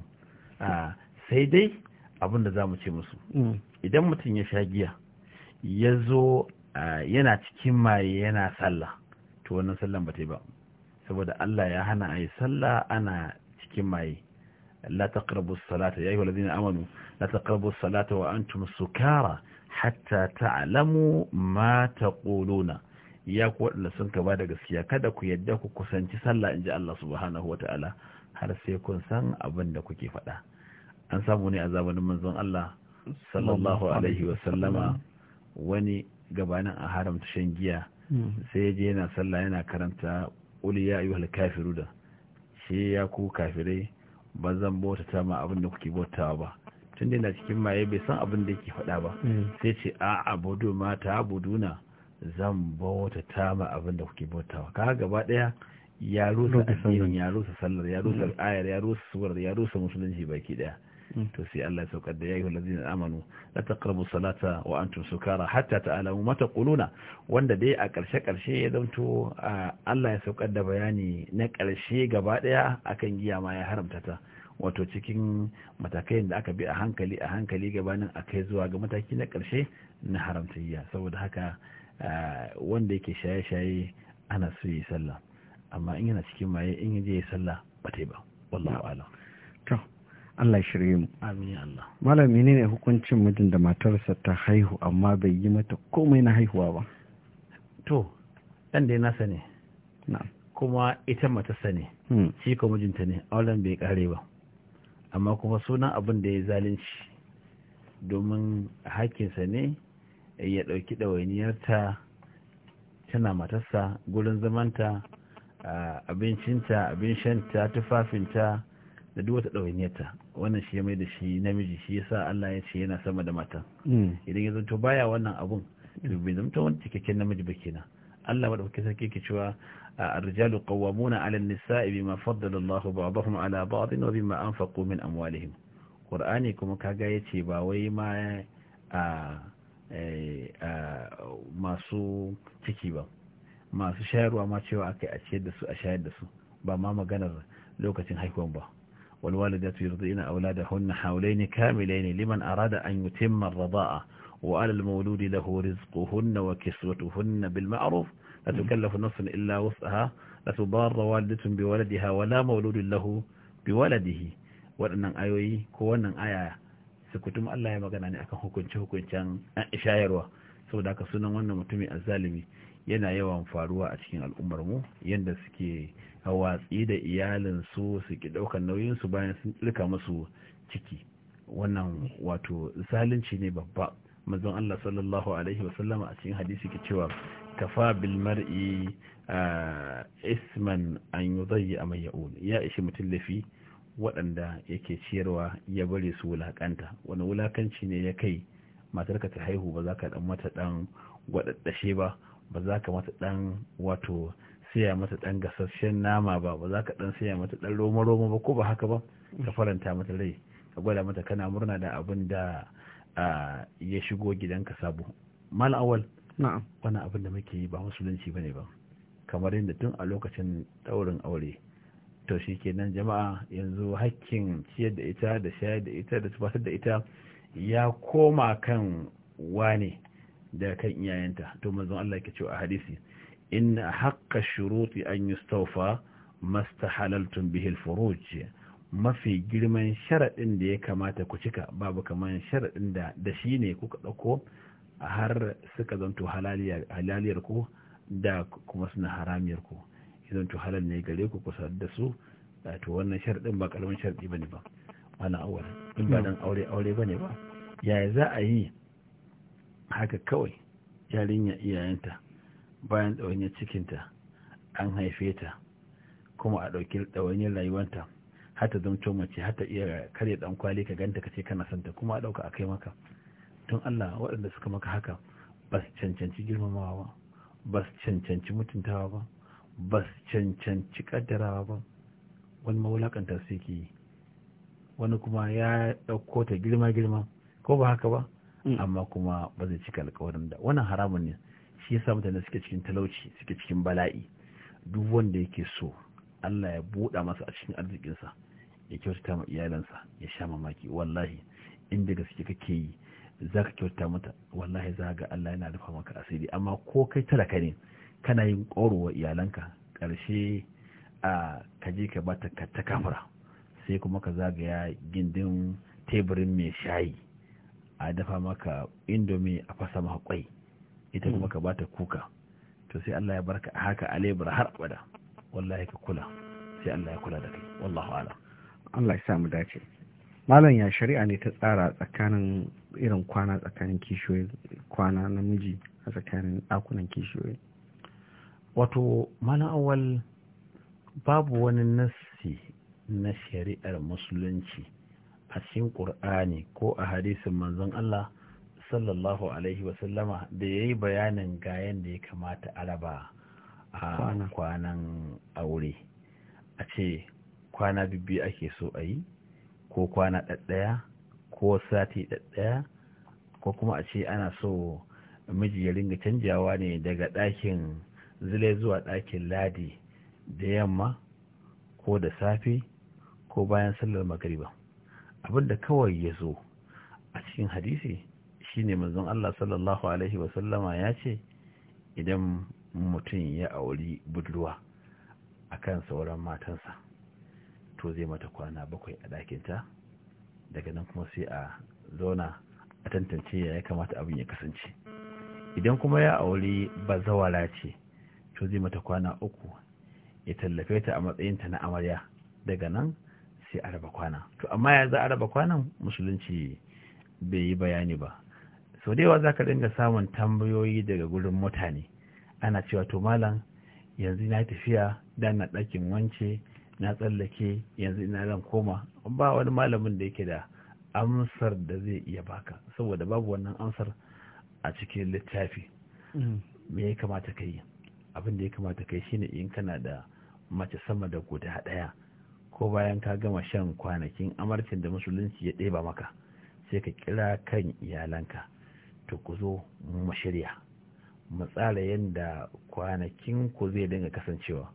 sai dai abin da za mu ce musu mm. idan mutum ya sha giya ya zo yana cikin maye yana sallah to wannan sallan ba ta yi ba saboda Allah ya hana a yi sallah ana cikin maye la taqrabu salata ya ayyuhallazina amanu la taqrabu salata wa antum sukara hatta ta'lamu ma taquluna ya ku wadanda sun ka ba da gaskiya kada ku yadda ku kusanci sallah inji Allah subhanahu wa har sai kun san abin da kuke faɗa an samu ne a zamanin manzon Allah sallallahu alaihi wa sallama wani gabanin a haramta shan giya mm. sai ya je yana sallah yana karanta uli ya ayyuhal kafiru da shi ya ku kafirai ba zan bota ta ma abin da kuke bota ba tun da yana cikin maye bai san abin da yake faɗa ba sai ce a abudu ma ta abuduna zan ta ma abin da kuke ba kaga gaba ɗaya ya rusa ya rusa sallar ya rusa ayar ya rusa suwar ya rusa musulunci baki ɗaya to sai Allah ya saukar da ya yi amanu la taqrabu salata wa antum sukara hatta ta'lamu mata quluna wanda dai a karshe karshe ya zanto Allah ya saukar da bayani na karshe gaba daya akan giya ma ya haramta ta wato cikin matakai da aka bi a hankali a hankali gabanin a kai zuwa ga mataki na karshe na haramta giya saboda haka wanda yake shaye-shaye ana so yi sallah amma in yana cikin maye in yaje yi sallah ba ta yi ba wallahi a'lam Allah shirye mu amin Allah malam menene hukuncin mijin da matarsa ta haihu amma bai yi mata komai na haihuwa ba to ɗan da nasa ne kuma ita matarsa ne hmm. shi ko mijinta ne auren bai kare ba amma kuma sunan abin da ya zalunci domin hakinsa ne eh, ya ɗauki ɗawainiyarta tana matarsa gurin zamanta ah, abincinta abin shanta tufafinta da duk wata ɗawainiyarta wannan shi ya mai da shi namiji shi yasa Allah ya ce yana sama da mata hmm. idan ya zanto baya wannan abun to hmm. bai zanto wani cikakken namiji ba kenan Allah madaukakin sarki yake cewa الرجال قوامون على النساء بما فضل الله بعضهم على بعض وبما أنفقوا من أموالهم قرآني كما كاغا يتي ba wai ma masu ciki ba masu shayarwa ma cewa akai a ciyar da su a shayar da su ba ma maganar lokacin haihuwan ba والوالدة يرضين أولادهن حولين كاملين لمن أراد أن يتم الرضاء وعلى المولود له رزقهن وكسوتهن بالمعروف لا تكلف نفس إلا وسعها لا تضار والدة بولدها ولا مولود له بولده waɗannan ayoyi ko wannan aya sukutum Allah ya magana ne akan hukunce-hukuncen shayarwa saboda haka sunan wannan mutumin azzalimi yana yawan faruwa a cikin al'ummar mu yanda suke a watsi da iyalinsu su ki ɗaukar nauyinsu bayan sun rika musu ciki wannan wato zalunci ne babba manzon Allah sallallahu alaihi wa sallama a cikin hadisi ke cewa kafa bil mar'i isman an yudayyi am ya'un ya ishi mutum lafi waɗanda yake ciyarwa ya bare su wulakanta wani wulakanci ne ya kai matar ka ta haihu ba za ka dan mata dan gwadaddashe ba ba za ka mata dan wato siya mata ɗan gasasshen nama ba ba za ka ɗan siya mata ɗan roma-roma ba ko ba haka ba ka faranta mata rai ka gwada mata kana murna da abin da ya shigo gidan ka sabo mal awal wani abin da muke yi ba musulunci bane ba kamar yadda tun a lokacin ɗaurin aure to shi kenan jama'a yanzu hakkin ciyar da ita da shayar da ita da tubatar da ita ya koma kan wane da kan iyayenta to manzon Allah ke cewa a hadisi إن an الشروط أن يستوفى halartun bihil به ce mafi girman sharaɗin da ya kamata ku cika babu kamar sharaɗin da da shi ne kuka ɗauko har suka zanto halaliyar ku da kuma suna haramiyar ku zanto halal ne gare ku ku da su to wannan sharaɗin ba karamin sharaɗi bane ba wani awal in ba dan aure aure bane ba yaya za a yi haka kawai yarinya iyayenta bayan ɗawainiyar cikinta an haife ta kuma a ɗauki ɗawainiyar rayuwanta har ta mace har iya karya ɗan kwali ka ganta ka ce kana santa kuma a ɗauka a kai maka tun Allah waɗanda suka maka haka ba su cancanci girmamawa ba ba su cancanci mutuntawa ba ba su cancanci ƙaddarawa. ba wani mawulaƙanta su yake yi wani kuma ya ɗauko ta girma-girma ko ba haka ba mm. amma kuma ba zai cika alkawarin da wannan haramun ne shi yasa mutane suke cikin talauci suke cikin bala'i duk wanda yake so Allah ya buɗa masa a cikin arzikinsa ya kyautata ma iyalansa ya sha mamaki wallahi inda gaske kake yi za ka kyauta mata wallahi za ga Allah yana rufa maka asiri amma ko kai talaka ne kana yin ƙorowa iyalanka ƙarshe a kaje ka bata ta kamura sai kuma ka zagaya gindin teburin mai shayi a dafa maka indomie a fasa maka kwai ita kuma mm. ka bata kuka to sai Allah ya barka a haka alebra har abada wallahi ka kula sai Allah ya kula da kai wallahu ala Allah ya samu dace malam ya shari'a ne ta tsara tsakanin irin kwana tsakanin kishiyoyi kwana namiji a tsakanin ɗakunan kishiyoyi wato malam awal babu wani nassi na shari'ar musulunci a cikin ƙur'ani ko a hadisin manzon Allah sallallahu alaihi wasallama da ya yi bayanin ga da ya kamata a raba a kwanan aure a ce kwana bibbi ake so a yi ko kwana ɗaɗɗaya ko sati ɗaɗɗaya ko kuma a ce ana so miji ya ringa canjawa ne daga ɗakin zile zuwa ɗakin ladi da yamma ko da safe ko bayan sallar magariba abinda kawai ya zo a cikin hadisi Shi ne manzon Allah sallallahu alaihi wasallama ya ce idan mutum ya auri budurwa a kan sauran matansa to zai mata kwana bakwai a ɗakinta daga nan kuma sai a zauna a tantance ya ya kamata abin ya kasance idan kuma ya auri bazawara ce to zai mata kwana uku ya tallafe ta a matsayinta na amarya daga nan sai a raba kwana to amma ya za a raba kwanan musulunci bai yi bayani ba so da yawa za ka dinga samun tambayoyi daga gurin mutane ana cewa to malam yanzu na tafiya da na ɗakin wance na tsallake yanzu ina zan koma ba wani malamin da yake da amsar da zai iya baka saboda babu wannan amsar a cikin littafi mm. me ya kamata ka yi abin da ya kamata ka yi shine in kana da mace sama da guda ɗaya ko bayan ka gama shan kwanakin amarcin da musulunci ya ɗeba maka sai ka kira kan iyalanka to ku zo mu shirya mu tsara yadda kwanakin ku zai dinga kasancewa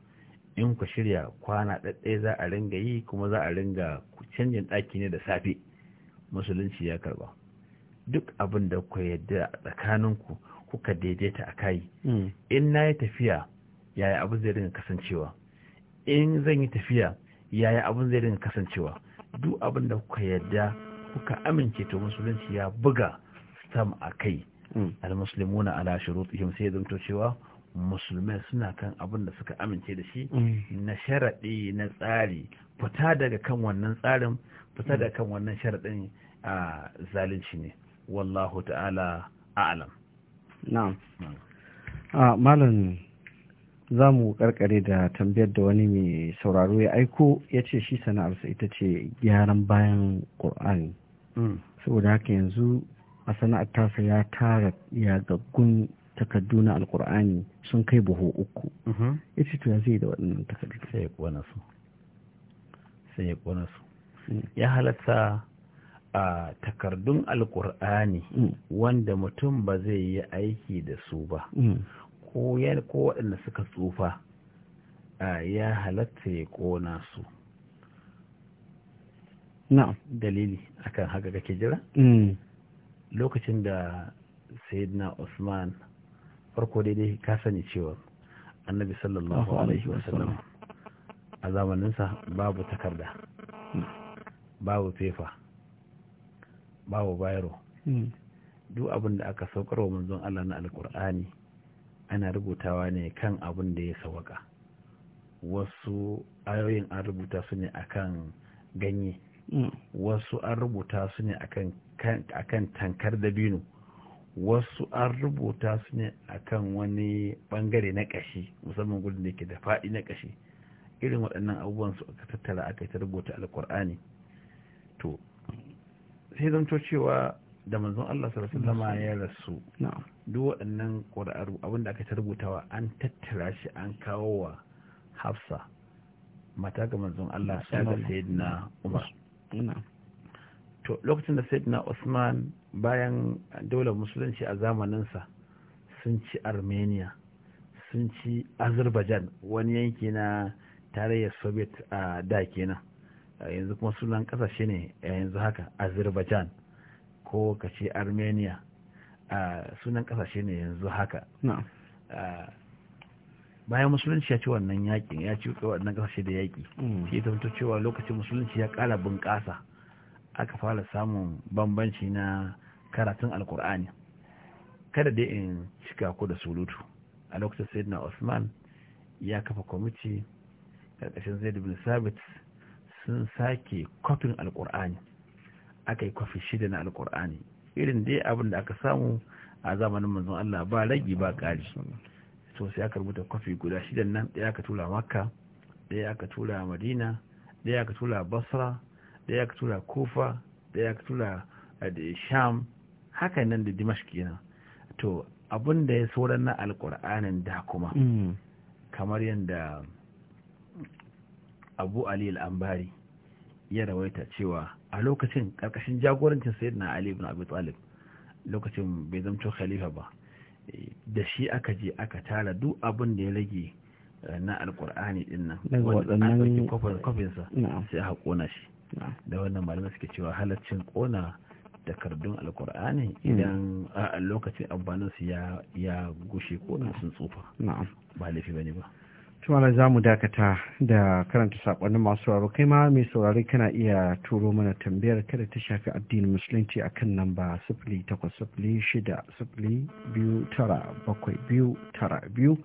in ku shirya kwana ɗaɗɗe za a ringa yi kuma za a ringa canjin ɗaki ne da safe musulunci ya karba duk abin da ku yadda a tsakaninku kuka daidaita a kai mm. in na yi tafiya yaya abin zai dinga kasancewa in zan yi tafiya yaya abin zai dinga kasancewa duk abin da kuka yadda kuka amince to musulunci ya buga sam a kai mm. almuslimuna ala shuruɗihim sai zanto cewa musulmai suna kan abin da suka amince da shi mm. na sharaɗi na tsari fita daga kan wannan tsarin fita daga kan wannan sharaɗin a zalunci ne wallahu ta'ala a'lam malam za mu karkare da tambayar da wani mai sauraro ya aiko ya ce shi sana'arsa ita ce gyaran bayan ƙur'ani mm. saboda haka yanzu a sana'ar tasa ya tara yagaggun takardu na alkur'ani sun kai buhu uku ita mhm. to ya zai da waɗannan takardu sai ya kona su sai ya kona su mm. ya halatta a takardun alkur'ani mm. wanda mutum ba zai yi aiki da su ba mm. ko waɗanda suka tsufa ya halatta ya kona su na dalili akan haka kake jira lokacin da sayyidina Usman farko daidai ka sani cewa annabi sallallahu alaihi wasallam a zamaninsa babu takarda babu fefa babu bayro hmm. duk abin da aka saukar wa manzon Allah na alkur'ani ana rubutawa ne kan abin da ya sawaka wasu ayoyin an rubuta su ne akan ganye hmm. wasu an rubuta su ne akan akan tankar dabino wasu an rubuta su ne akan wani bangare na kashi musamman gudun da ke da faɗi na kashi irin waɗannan abubuwan su aka tattara aka yi ta rubuta alkur'ani to sai zanto cewa da manzon Allah sallallahu ya rasu duk waɗannan abin da aka ta rubutawa an tattara shi an kawo wa Hafsa mata ga manzon Allah ta ga na Umar to lokacin da na usman bayan dole musulunci a zamaninsa sun ci armenia sun ci azerbaijan wani yanki na tarayyar soviet a da kenan yanzu kuma sunan kasashe ne yanzu haka azerbaijan ko ka ce armenia sunan kasashe ne yanzu haka bayan musulunci ya ci wannan yakin ya ci wannan kasashe da yaki sai ta cewa lokacin musulunci ya kala bunƙasa aka fara samun bambanci na karatun alkur'ani kada dai in cika ku da sulutu a lokacin sayyidina Usman ya kafa kwamiti karkashin zaid bin sabit sun sake kwafin alkur'ani aka yi kwafi shida na alkur'ani irin dai abin da aka samu a zamanin manzon Allah ba ragi ba ƙari to sai aka rubuta kwafi guda shidan nan ɗaya aka tura makka ɗaya aka tula madina ɗaya aka tula basra Eh, da ka tura kufa da ka tura sham haka nan da dimashq kenan to abin da ya sauran na alkur'anin da kuma mm. kamar yadda abu ali al'ambari ya rawaita cewa a lokacin karkashin jagorancin na ali ibn abi talib lokacin bai zamto khalifa ba eh, da shi aka je aka tara duk abin da ya rage eh, na alkur'ani din nan wanda an sai aka kona shi da wannan malamai suke cewa halaccin kona takardun alkur'ani hmm. idan a lokacin amfanin su ya gushe ko sun tsufa ba laifi bane ba tumala za mu dakata da karanta saƙonin masu sauraro kai ma mai saurari kana iya turo mana tambayar kada ta shafi addinin musulunci a kan namba sifili takwas sifili shida sifili biyu tara bakwai biyu tara biyu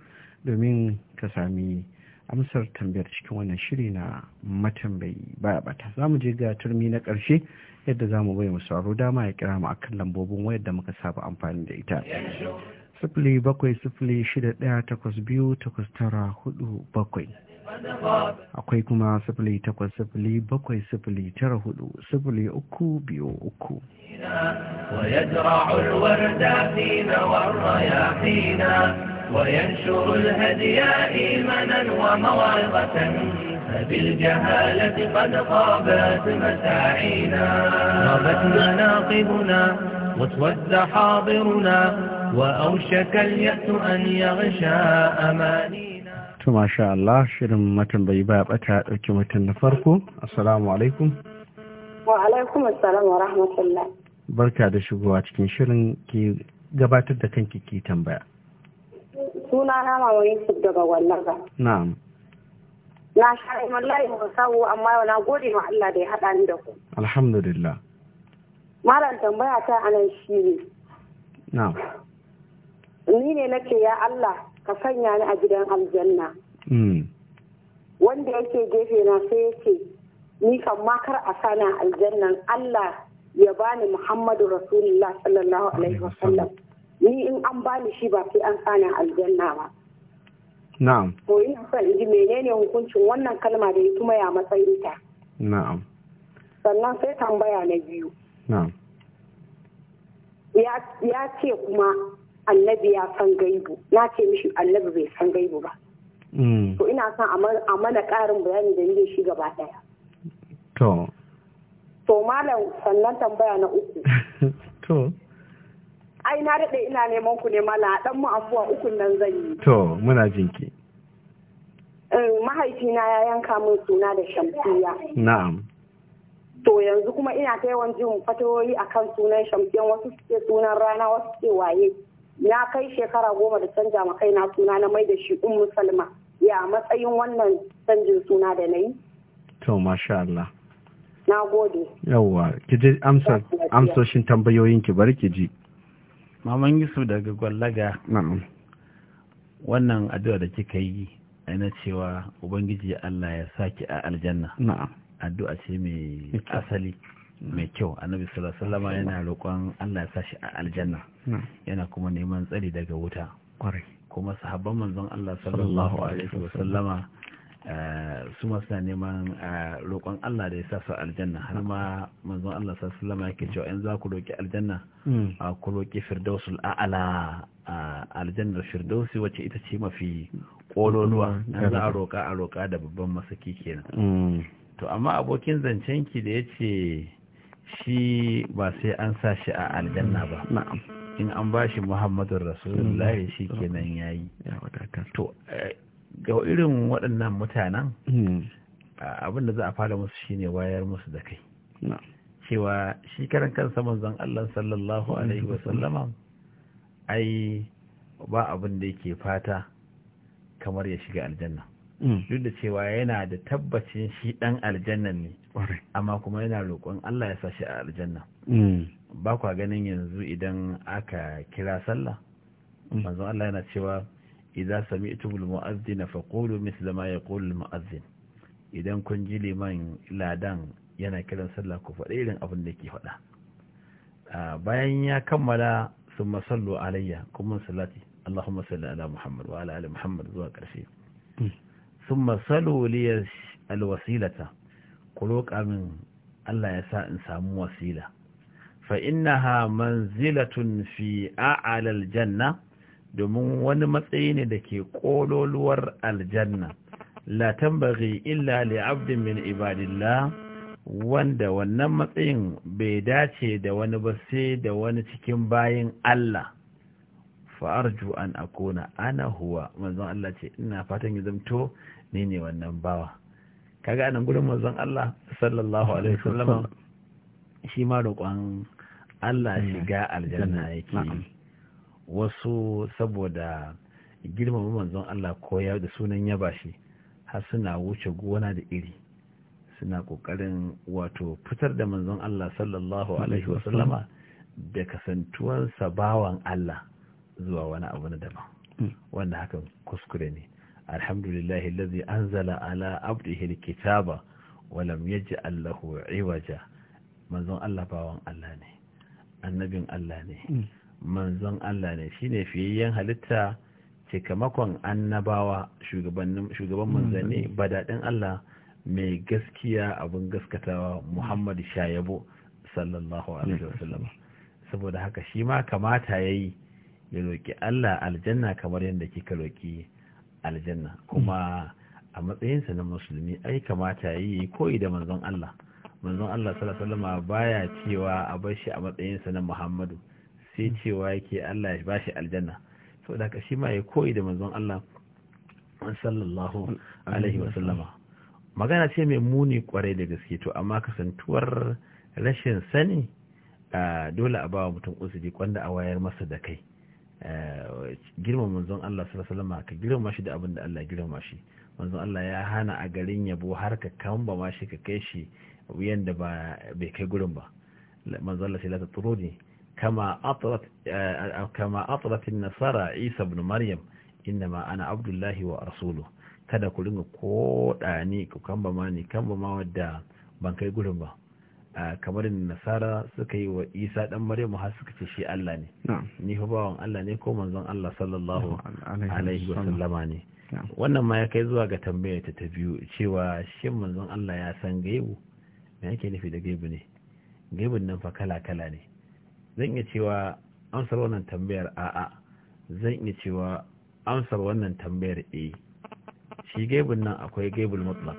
domin ka sami amsar tambayar cikin wannan shiri na matambayi baya bata za mu je ga turmi na karshe yadda za mu bai sauraro dama ya kira mu akan lambobin wayar da muka saba amfani da ita sifili bakwai sifili shida daya takwas biyu takwas tara hudu bakwai akwai kuma sifili takwas sifili bakwai sifili tara hudu sifili uku biyu uku ويزرع الورد فينا والرياحينا وينشر الهدي إيمانا وموعظة فبالجهالة قد خابت مساعينا غابت مناقبنا واسود حاضرنا وأوشك اليأس أن يغشى أمانينا ما شاء الله shirin matan bai ba bata dauki matan na farko assalamu alaikum wa alaikum assalam wa rahmatullah barka da shigowa cikin shirin ki gabatar da kanki ki tambaya suna na mama Yusuf daga wallaga. Na'am. Na sha wallahi ba sabu amma na gode ma Allah da ya haɗa ni da ku. Alhamdulillah. Malam tambaya ta anan shi ne. Na'am. Ni ne nake ya Allah ka sanya ni a gidan aljanna. Mm. Wanda yake gefe na sai yake ni kan makar a sana aljannan Allah ya bani Muhammadu Rasulullah sallallahu alaihi wasallam. ni in an bani shi ba sai an tsana aljanna ba na'am to ina son in ji menene hukuncin wannan kalma da ya kuma ya matsayin ta na'am sannan sai tambaya na biyu na'am ya ce kuma annabi ya san gaibu na ce mishi annabi bai san gaibu ba mm. to ina son a mana ƙarin bayani da ne shi gaba ɗaya to to malam sannan tambaya na uku to ai na daɗe ina neman ku ne mala dan mu afuwa ukun nan zan yi to muna jinki eh, mahaifina ya yanka min suna da shamsiya na'am to yanzu kuma ina ta yawan jin fatawoyi akan sunan shamsiyan wasu suke sunan rana wasu suke waye na kai shekara goma da canja ma kaina suna na mai da shi ummu salma ya matsayin wannan canjin suna da na yi to masha Allah na gode yawwa ki ji amsoshin tambayoyinki bari ki ji maman yusuf daga gwallaga wannan addu'a da kika yi a na cewa ubangiji allah ya saki a aljanna addu'a ce mai asali mai kyau annabi sallallahu yana roƙon allah ya sashi a aljanna yana kuma neman tsari daga wuta kuma sahabban manzon allah sallallahu alaihi wasallama su masu neman roƙon Allah da ya sa su aljanna har ma manzon Allah sallama yake cewa in za ku roƙi aljanna hmm. ku roƙi firdausul a'ala aljannar firdausi wacce ita ce mafi ƙololuwa yanzu hmm. za a roƙa a roƙa da babban masaki kenan hmm. to amma abokin zancen ki da ya ce shi ba sai an sa shi a aljanna ba in an ba shi muhammadun rasulullahi shi kenan yayi to eh, ga irin waɗannan mutanen hmm. abin da za a fara musu shine wayar musu da kai cewa shi karan kansa manzon Allah sallallahu alaihi wasallama ai ba abin da yake fata kamar ya shiga aljanna hmm. duk da cewa yana da tabbacin shi dan aljanna ne amma kuma yana roƙon Allah ya sa shi a aljanna hmm. ba kwa ganin yanzu idan aka kira sallah manzon Allah yana cewa idza sami'tum al-mu'adhdhin faqulu mithla ma yaqulu idan kun ji liman ladan yana kiran sallah ku faɗa irin abin da ke faɗa bayan ya kammala sun sallu alayya kuma salati Allahumma salli ala Muhammad wa ala ali Muhammad zuwa ƙarshe summa sallu li alwasilata ku roƙa min Allah ya sa in samu wasila fa innaha manzilatun fi janna janna. domin wani matsayi ne da ke ƙololuwar aljanna la tambaghi illa li abdin min ibadillah wanda wannan matsayin bai dace da wani ba sai da wani cikin bayin Allah fa'arju an akona ana huwa manzon Allah ce ina fatan ya zamto ni ne wannan bawa kaga anan gurin manzon Allah sallallahu alaihi wasallam shi ma roƙon Allah shiga aljanna yake wasu saboda girmama manzon Allah koya da sunan yaba shi har suna wuce gona da iri suna kokarin wato fitar da manzon Allah sallallahu alaihi wasallama da kasantuwar bawan Allah zuwa wani abu na daban hmm. wanda hakan kuskure ne alhamdulillah allazi anzala ala abdihi alkitaba wa lam yaj'al lahu iwaja manzon Allah bawan Allah ne annabin Allah ne hmm. manzon Allah ne shine fiyayyen halitta cikamakon annabawa shugaban manzanni mm-hmm. daɗin Allah mai gaskiya abin gaskatawa muhammadu Shayabo sallallahu alaihi wasallam saboda haka shi ma kamata ya yi ya roƙi Allah aljanna kamar yadda kika roƙi aljanna kuma a matsayinsa na musulmi ai kamata ya yi koyi da manzon Allah manzon Allah sallallahu alaihi wasallam baya cewa a bar shi a matsayinsa na Muhammadu sai cewa yake Allah ya bashi aljanna saboda ka shi ma ya koyi da manzon Allah sallallahu alaihi wa magana ce mai muni kwarai da gaske to amma kasantuwar rashin sani dole a ba wa mutum usuli kwanda a wayar masa da kai girmama manzon Allah sallallahu alaihi wasallama ka girma shi da abin da Allah girma shi manzon Allah ya hana a garin yabo har ka kamba ma shi ka kai shi wuyan da ba bai kai gurin ba manzon Allah sai la tatrudi كما أطرت, كما أطرت النصارى عيسى بن مريم إنما أنا عبد الله ورسوله kada ku ringa ko ni ku kamba ma ni kamba ma wadda ban kai gurin ba kamar da nasara suka yi wa isa dan maryamu har suka ce shi Allah ne ni fa bawan Allah ne ko manzon Allah sallallahu alaihi wa sallama ne wannan ma ya kai zuwa ga tambayar ta biyu cewa shin manzon Allah ya san gaibu me yake nufi da gaibu ne gaibun nan fa kala kala ne zan iya cewa amsar wannan tambayar a'a zan iya cewa amsar wannan tambayar e shi gaibin nan akwai gaibul mutlak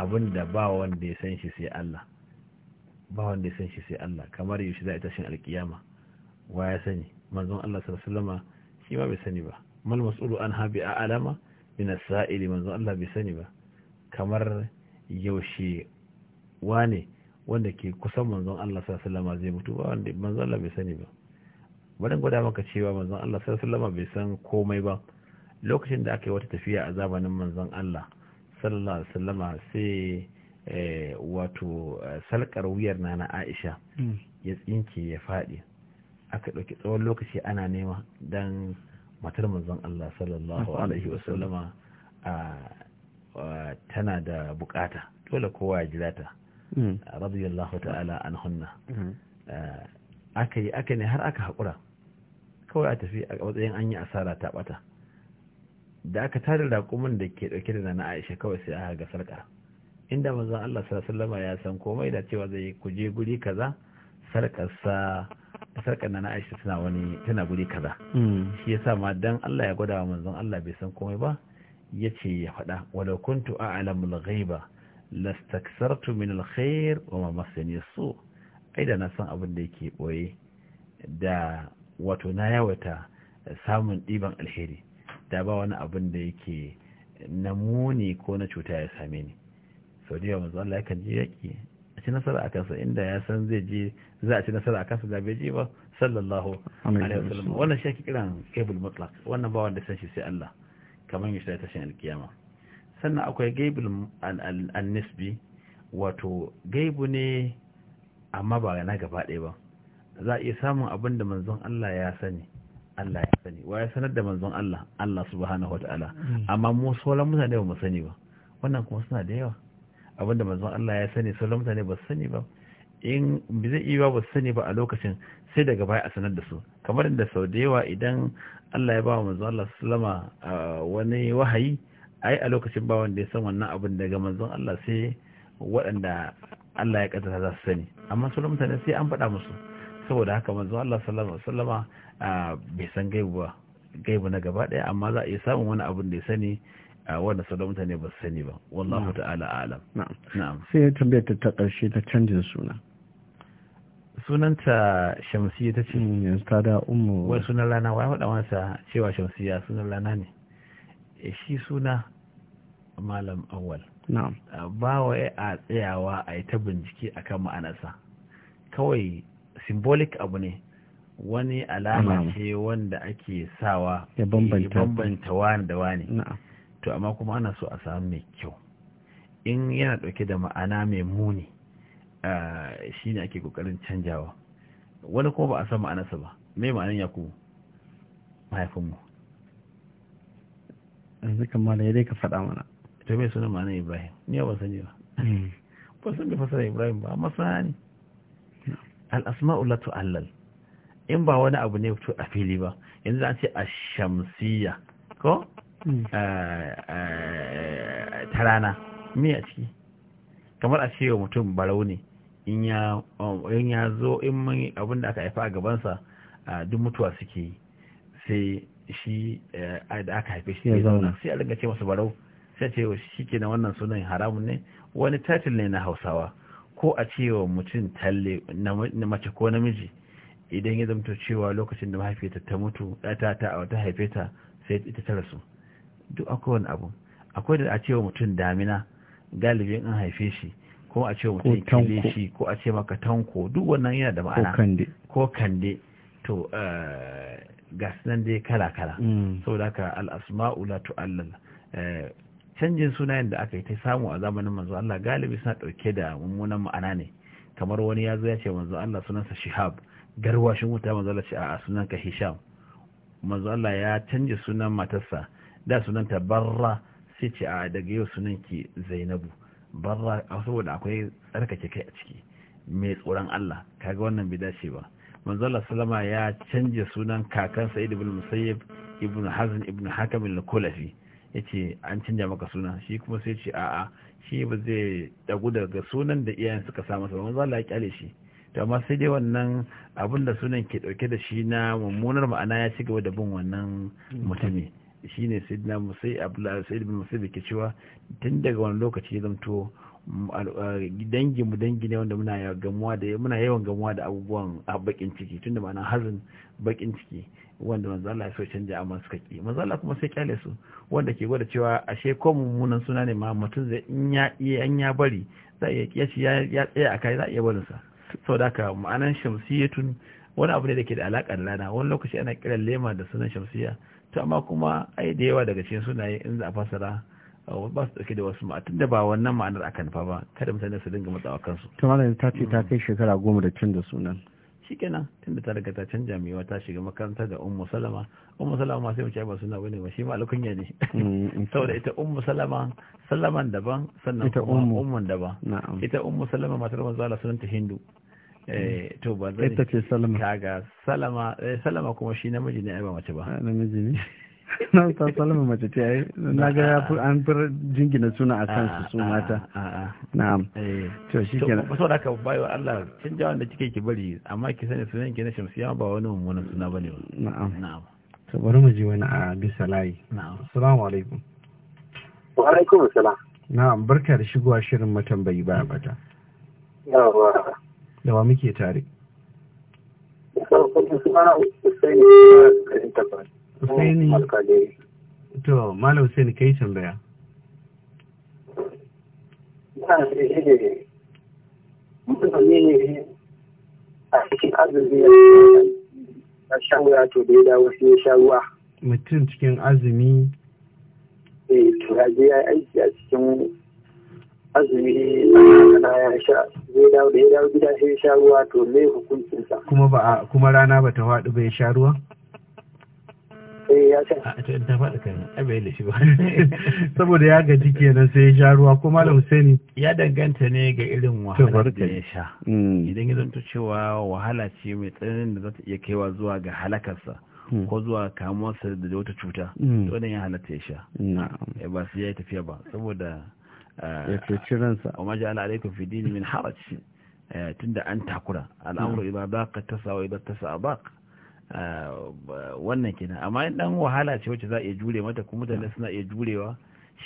abin da ba wanda ya san shi sai Allah ba wanda ya san shi sai Allah kamar yaushe za a tashin alkiyama wa ya sani manzon Allah sallallahu alaihi wasallama shi ma bai sani ba mal mas'ulu an habi a alama min as-sa'ili manzon Allah bai sani ba kamar yaushe wane wanda ke kusan manzon Allah sallallahu alaihi zai mutu ba wanda manzon Allah bai sani ba bari gwada maka cewa manzon Allah sallallahu alaihi bai san komai ba lokacin da aka yi wata tafiya a zamanin manzon Allah sallallahu alaihi wasallam sai eh, wato eh, salkar wuyar na na Aisha hmm. ya tsinke ya fadi aka dauki tsawon lokaci ana nema dan matar manzon Allah sallallahu alaihi a ah, ah, tana da bukata dole kowa ya jira ta Mm. radiyallahu ta'ala hunna mm-hmm. eh, aka yi aka ne har aka haƙura kawai a tafi a matsayin an yi asara ta ɓata da aka tare da kuma da ke ɗauke da na aisha kawai sai aka ga sarƙa inda manzon Allah sallallahu ya san komai da cewa zai ku je guri kaza sarƙar sa sarƙar na aisha tana wani tana guri kaza mm. shi yasa ma dan Allah ya gwada wa manzon Allah bai san komai ba yace ya faɗa walau kuntu a'lamul ghaiba lastaksartu min alkhair wa ma masani su ai da na san abin da yake boye da wato na yawata samun ɗiban alheri da ba wani abin da yake na muni ko na cuta ya same ni sau da yawa manzo Allah yakan ji yaki a ci nasara a kansa inda ya san zai je za a ci nasara a kansa da bai je ba sallallahu alaihi wasallam wannan shi ake kiran kebul mutlaq wannan ba wanda san shi sai Allah kamar yadda ta shin alkiyama sannan akwai gaibul annisbi wato gaibu ne amma ba na gaba ɗaya ba za a iya samun abin da manzon Allah ya sani Allah ya sani wa ya sanar da manzon Allah Allah subhanahu ta'ala hmm. amma mu sauran mutane ba mu sani ba wannan kuma suna da yawa abin da manzon Allah ya sani sauran mutane ba su sani ba in bi zai iya ba su sani ba a lokacin sai daga baya a sanar da su kamar da sau da yawa idan Allah ya ba wa manzon Allah sallama ah, wani wahayi ai a lokacin ba wanda ya san wannan abin daga manzon Allah sai waɗanda Allah ya kaddara za su sani amma sauran mutane sai an faɗa musu saboda haka manzon Allah sallallahu alaihi wasallama bai san gaibu ba gaibu na gaba ɗaya amma za a iya samun wani abin da ya sani wanda sauran mutane ba su sani ba wallahu ta'ala alam na'am sai ya tambayar ta ta ƙarshe ta canjin suna sunanta shamsiya ta ce hmm, ta da umu wai sunan rana wai faɗa masa cewa shamsiya sunan rana ne eh, shi suna malam awal ah, ba wai a tsayawa a yi ta bincike akan ma'anarsa kawai simbolik abu ne wani alama ce wanda ake sawa ya bambanta wani da wani to amma kuma ana so a samu mai kyau in yana dauke da ma'ana mai muni ah, shi ne ake kokarin canjawa wani kuma ba a san ma'anarsa ba mai ma'anin ku mahaifinmu yanzu kamar ya dai ka faɗa mana to mai suna ma'ana ibrahim ni ba sani ba hmm. ba san bai fasara ibrahim ba amma sana ne al'asma'u latu allal in ba wani abu ne to a fili ba yanzu an ce shamsiya ko hmm. eh, eh, ta rana me a ciki kamar a cewa mutum barau ne in ya zo in mun abin da aka haifa a gabansa duk mutuwa suke yi sai shi eh, da aka haife shi ne zauna sai a ringa ce masu barau sai ce shi ke na wannan sunan haramun ne wani tatil ne na hausawa ko a cewa mutum talle na mace ko namiji idan ya zamto cewa lokacin da mahaifiyarta ta mutu ta ta a wata haifeta sai ita ta rasu duk akwai wani abu akwai da a cewa mutum damina galibin an haife shi ko a cewa mutum kile shi ko a ce maka tanko duk wannan yana da ma'ana ko kande to eh, ga nan dai kala kala mm. saboda haka al asma'u la tu'allal eh, canjin sunayen da aka yi ta samu a zamanin manzo Allah galibi suna ɗauke da mummunan ma'ana ne kamar wani ya zo ya ce manzo Allah sunansa Shihab garwashin wuta manzo Allah ce a sunanka Hisham manzo Allah ya canza sunan matarsa da sunan ta Barra sai ce a daga yau sunan ki Zainabu Barra saboda akwai tsarkake kai a ciki mai tsoron Allah kaga wannan bai dace ba manzo Allah sallama ya canza sunan kakansa Ibn Musayyib Ibn Hazm Ibn Hakam al-Kulafi ya ce an canja maka suna shi kuma sai ce a'a shi ba zai dagu daga sunan da iyayen suka sa masa ba za la kyale shi to amma sai dai wannan abin da sunan ke dauke da shi na mummunar ma'ana ya ci gaba da bin wannan mutumi shine sayyidina musai abdullahi sayyid bin musai ke cewa tun daga wani lokaci ya zamto dangi mu dangi ne wanda muna gamuwa da muna yawan gamuwa da abubuwan bakin ciki tunda ma'ana hazin bakin ciki wanda manzo Allah ya so canja amma suka ki manzo Allah kuma sai kyale su wanda ke gwada cewa ashe ko mummunan suna ne ma mutum zai in ya iya an ya bari za iya kiyaci ya tsaya a kai za iya barin sa saboda haka ma'anan shamsiyatun wani abu ne da ke da alaka da rana wani lokaci ana kiran lema da sunan shamsiya to amma kuma ai da yawa daga cikin sunaye in za a fasara uh, ba su dauke da wasu ma tun ba wannan ma'anar akan fa ba kada mutane su dinga matsawa kansu to malam ta ce ta kai shekara goma da cin da sunan shi kenan tunda ta riga ta canja mewa ta shiga makaranta da ummu salama ummu salama ma sai mu ce ba suna bane ba shi ma alkunya ne mm, mm. saboda ita ummu salama salaman daban sannan ita ummun daban ita ummu salama matar manzo Allah sunan ta hindu eh to ba zai ita ce salama kaga salama eh, salama kuma shi namiji ne ai ba mace ba ah, namiji ne na ta salama mace ta yi na ga an fi jingina suna a kan su mata ah, ah, ah, na'am eh. to shi ke nan saboda ka bayo Allah cin jawon da kike ki bari amma ki sani sunan ki na shamsiya ba wani mummunan suna bane ba na'am na'am to bari mu ji wani a bisa layi na'am assalamu alaikum wa alaikum assalam na'am barka da shigowa shirin matambayi baya bata da wa muke tare Sauƙin suna Hussein Karin Tabbas. Usaini to Malam Usaini kai tambaya mutum cikin azumi eh, ya aiki a cikin azumi kana ya sha zai dawo da dawo gida sai sha ruwa to hukuncinsa kuma rana ba ta faɗi ba sha ruwa ta eh, faɗa da saboda ya gaji kenan sai ya sha ruwa ko malam ya danganta ne ga irin wahalar da ya sha mm. idan ya zanto cewa wahala ce mai tsananin da za ta iya kaiwa zuwa ga halakarsa mm. ko zuwa kamuwarsa da wata cuta mm. wannan ya halatta ya sha eh, ba su ya yi tafiya ba saboda ah, ya ce ransa wa maja'ala alaikum fi dini min haraj eh, tunda an takura al'amru idan daqa tasawa idan tasa baq Ah, wannan kenan amma in dan wahala ce wacce za a iya jure mata kuma mutane suna iya jurewa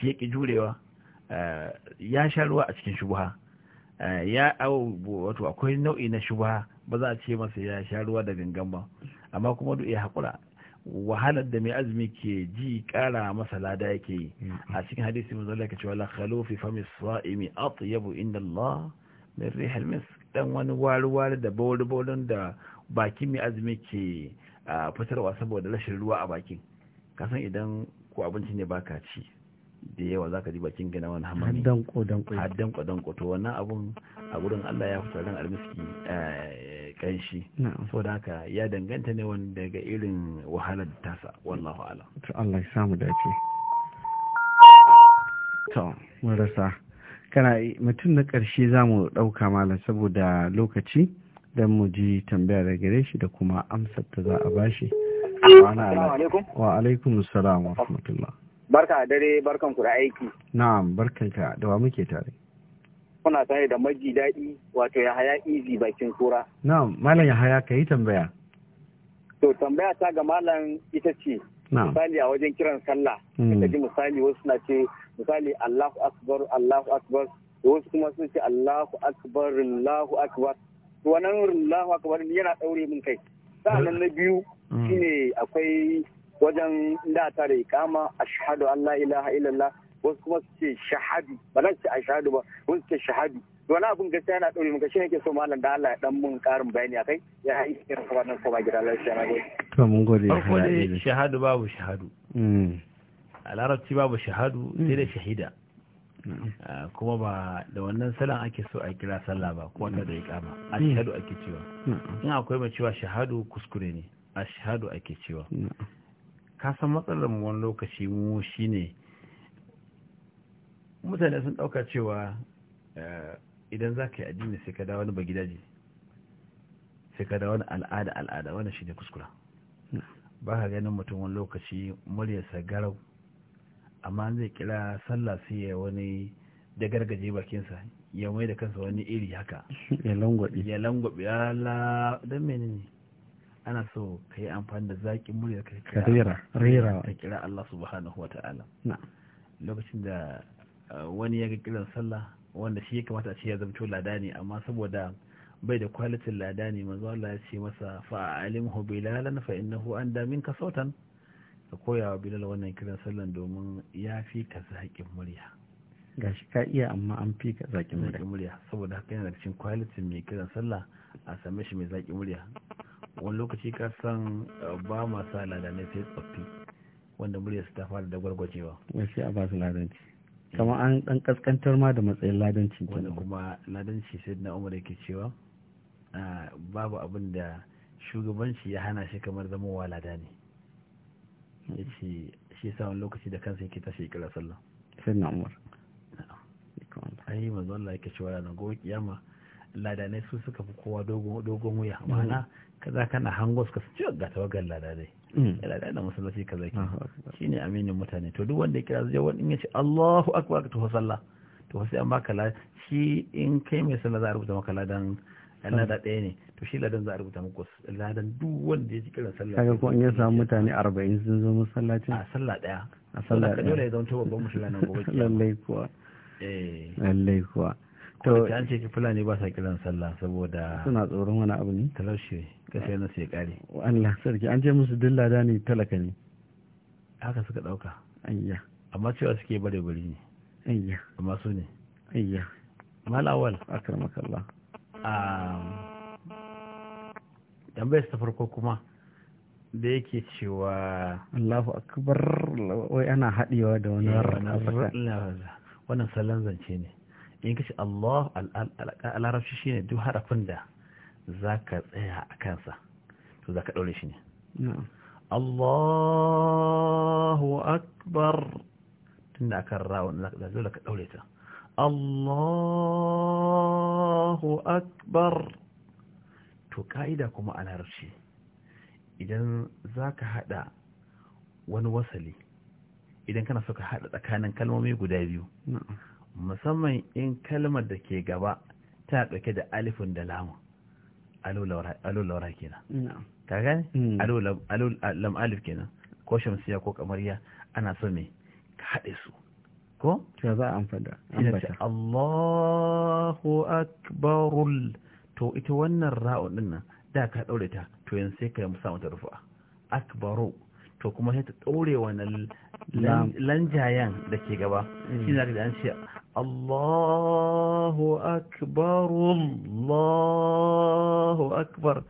shi yake jurewa ah, ya sha ruwa a cikin shubha ah, ya wato akwai nau'i na shubha ba za a ce masa ya sha ruwa da gangan ba amma kuma duk ya hakura wahalar da mai azumi ke ji kara masa lada yake yi mm-hmm. a cikin hadisi mun zalla ka cewa la khalu fi fami sa'imi atyabu inda Allah min rihal misk dan wani wari da bauri da bakin mai azumi ke fitarwa saboda rashin ruwa a bakin kasan idan ko abinci ne baka ci da yawa za ka ji bakin gina wani hamami haddan kodanko haddan to wannan abun a gurin Allah ya fita ran almiski kanshi saboda haka ya danganta ne wani daga irin wahalar tasa wannan wahala. to Allah ya samu dace to mun rasa kana mutum na karshe zamu dauka malam saboda lokaci don mu ji tambaya da gare shi da kuma amsar ta za a bashi wa alaikum salam wa rahmatullah barka da dare barkan ku da aiki na'am barkan ka da wa muke tare kuna tare da maji daɗi wato ya haya izi bakin kura na'am malam ya haya ka yi tambaya to tambaya ta ga malam ita ce misali a wajen kiran sallah ka hmm. ji misali wasu na ce misali Allahu akbar Allahu akbar wasu kuma sun ce Allahu akbar Allahu akbar wannan Allahu akbar yana daure min kai sa'annan na biyu mm. shine akwai wajen da ta da ikama ashhadu an la ilaha illallah wasu kuma su ce shahadu ba nan ce ashhadu ba wasu ce shahadu wani abun gaskiya yana ɗaure kai shine ke so malam da Allah ya dan mun karin bayani akai ya yi irin kuma nan kuma gida lafiya na gode to mun gode ne shahadu babu shahadu mm. a larabci babu shahadu sai da shahida Ah, kuma ba da wannan salon ake so a kira sallah ba ko wanda da mm. a shahadu ake cewa in akwai mai cewa shahadu kuskure ne shahadu ake cewa ka san matsalar mu wani lokaci mu shine mutane sun dauka cewa eh, idan za ka yi addini sai ka da wani gidaje. sai ka da wani al'ada al'ada wannan shine kuskura ba ka ganin mutum wani lokaci muryarsa garau amma zai kira sallah sai ya wani da gargaje bakinsa ya mai da kansa wani iri haka ya langwabi ya langwabi ya la don menene ana so ka yi amfani da zaƙin muryar ka rera rera ka kira Allah subhanahu wata'ala ta'ala lokacin da uh, wani ya ga kiran sallah wanda shi ya kamata a ce ya zamto lada ne amma saboda bai da kwalitin lada ne manzo Allah ya ce masa fa alimhu bilalan fa innahu anda minka sautan ka koya wa bilal wannan kiran sallan domin ya fi ka zaƙin murya gashi ka iya amma an fi ka zaƙin murya saboda haka yana da cikin kwalitin mai kiran sallah a same shi mai zaƙin murya wani lokaci ka san eh, ba masu alada ne sai tsoffi wanda murya su ta fara da gwargwajewa wasu a ba su ladanci eh. kama an dan kaskantar ma da matsayin ladanci wanda kuma ladanci sai na umar yake cewa ah, babu abin da shugabanci ya hana shi kamar zama wa ne ya shi sa wani lokaci da kansa yake tashi kira sallah sai na umar ai manzo Allah yake cewa ranar gobe kiyama ladanai su suka fi kowa dogon wuya ma'ana kaza kana hango suka su ga tawagar ladanai mm. ladanai da masallaci kaza ke shine aminin mutane to duk wanda ya kira zai wani ya ce Allahu akbar to sallah to sai an baka shi in kai mai sallah za a rubuta maka ladan dan da ɗaya ne to shi ladan za a rubuta muku ladan duk wanda ya ji kiran sallah kaga ko in ya samu mutane 40 sun zo masallacin a sallah ɗaya a sallah ɗaya dole ya zama babban musulmi nan gobe lallai kuwa eh lallai kuwa to an ce fulani ba sa kiran sallah saboda suna tsoron wani abu ne talauci kasa na sai kare Allah sarki an ce musu dilla da ne talaka ne haka suka dauka ayya amma cewa suke bare bari ne ayya amma su ne ayya malawal akramakallah tambayar ta farko kuma da yake cewa Allahu akbar wai ana haɗewa da wani eh, wannan salon zance ne in kashi Allah al'arashi shi ne duk harafin da za ka tsaya a kansa to za ka ɗaure shi ne Allahu akbar tunda akan rawun ka ɗaure ta Allahu akbar to ka'ida kuma a larabci idan za ka haɗa wani wasali idan kana so ka haɗa tsakanin kalmomi guda biyu musamman in kalmar da ke gaba ta ɗauke da alifin da lamun alulaura kenan ka gani hmm. alulam alif kenan ko shamsiya ko kamariya ana so me ka haɗe su ko ya za an fada Allahu akbarul to ita wannan ra'u din nan da ka daure ta to yanzu sai ka musa mata rufa akbaru to kuma sai ta daure wannan lanjayan da ke gaba mm. shi ne da an ce Allahu akbar Allahu akbar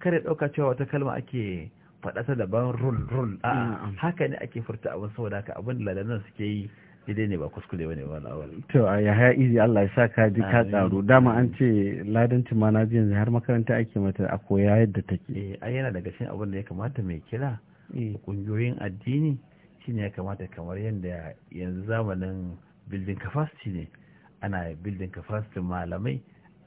kare dauka cewa wata kalma ake faɗa ta daban rul rul a mm. haka ne ake furta abin saboda haka abin da ladanan suke yi daidai ne ba kuskure bane ba al'awal to a ya haya izi Allah ya ka ji ka tsaro dama an ce ladanci ma na yanzu har makaranta ake mata a koya yadda take eh ai yana daga cikin abin da ya kamata mai kira eh. kungiyoyin addini shine ya kamata kamar yadda yanzu zamanin building capacity ne ana building capacity malamai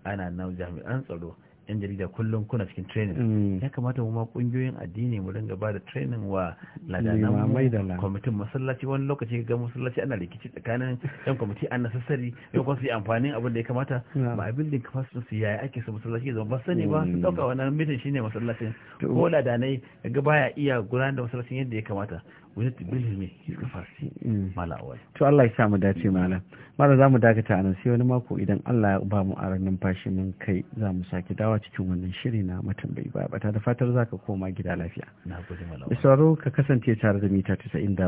ana nan jami'an tsaro yan jarida kullum kuna cikin training mm. ya kamata mu ma kungiyoyin addini mu dinga ba da training wa ladanan kwamitin masallaci wani lokaci ga masallaci ana rikici tsakanin yan kwamiti an nasasari yan kwasu yi amfanin abin da ya kamata ba a building capacity su yaya ake su masallaci zama ba sani ba su mm. dauka wannan mitin shine masallacin ko ladanai ga baya iya gudanar da masallacin yadda ya kamata wajen bilhimi ya farsi malawai to Allah ya mu dace malam mara za mu dakata a nan sai wani mako idan Allah ya ba mu aran numfashi mun kai za mu sake dawa cikin wannan shiri na matambayi ba bata da fatar zaka koma gida lafiya na gode malawai Isaro ka kasance tare da mita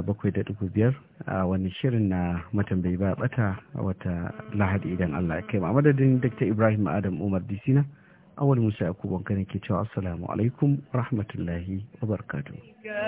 bakwai da biyar a wannan shirin na matambayi ba bata wata lahadi idan Allah ya kai mu a madadin Dr. Ibrahim Adam Umar Disina awal musa ya kuban kane ke cewa assalamu alaikum rahmatullahi wa barakatuh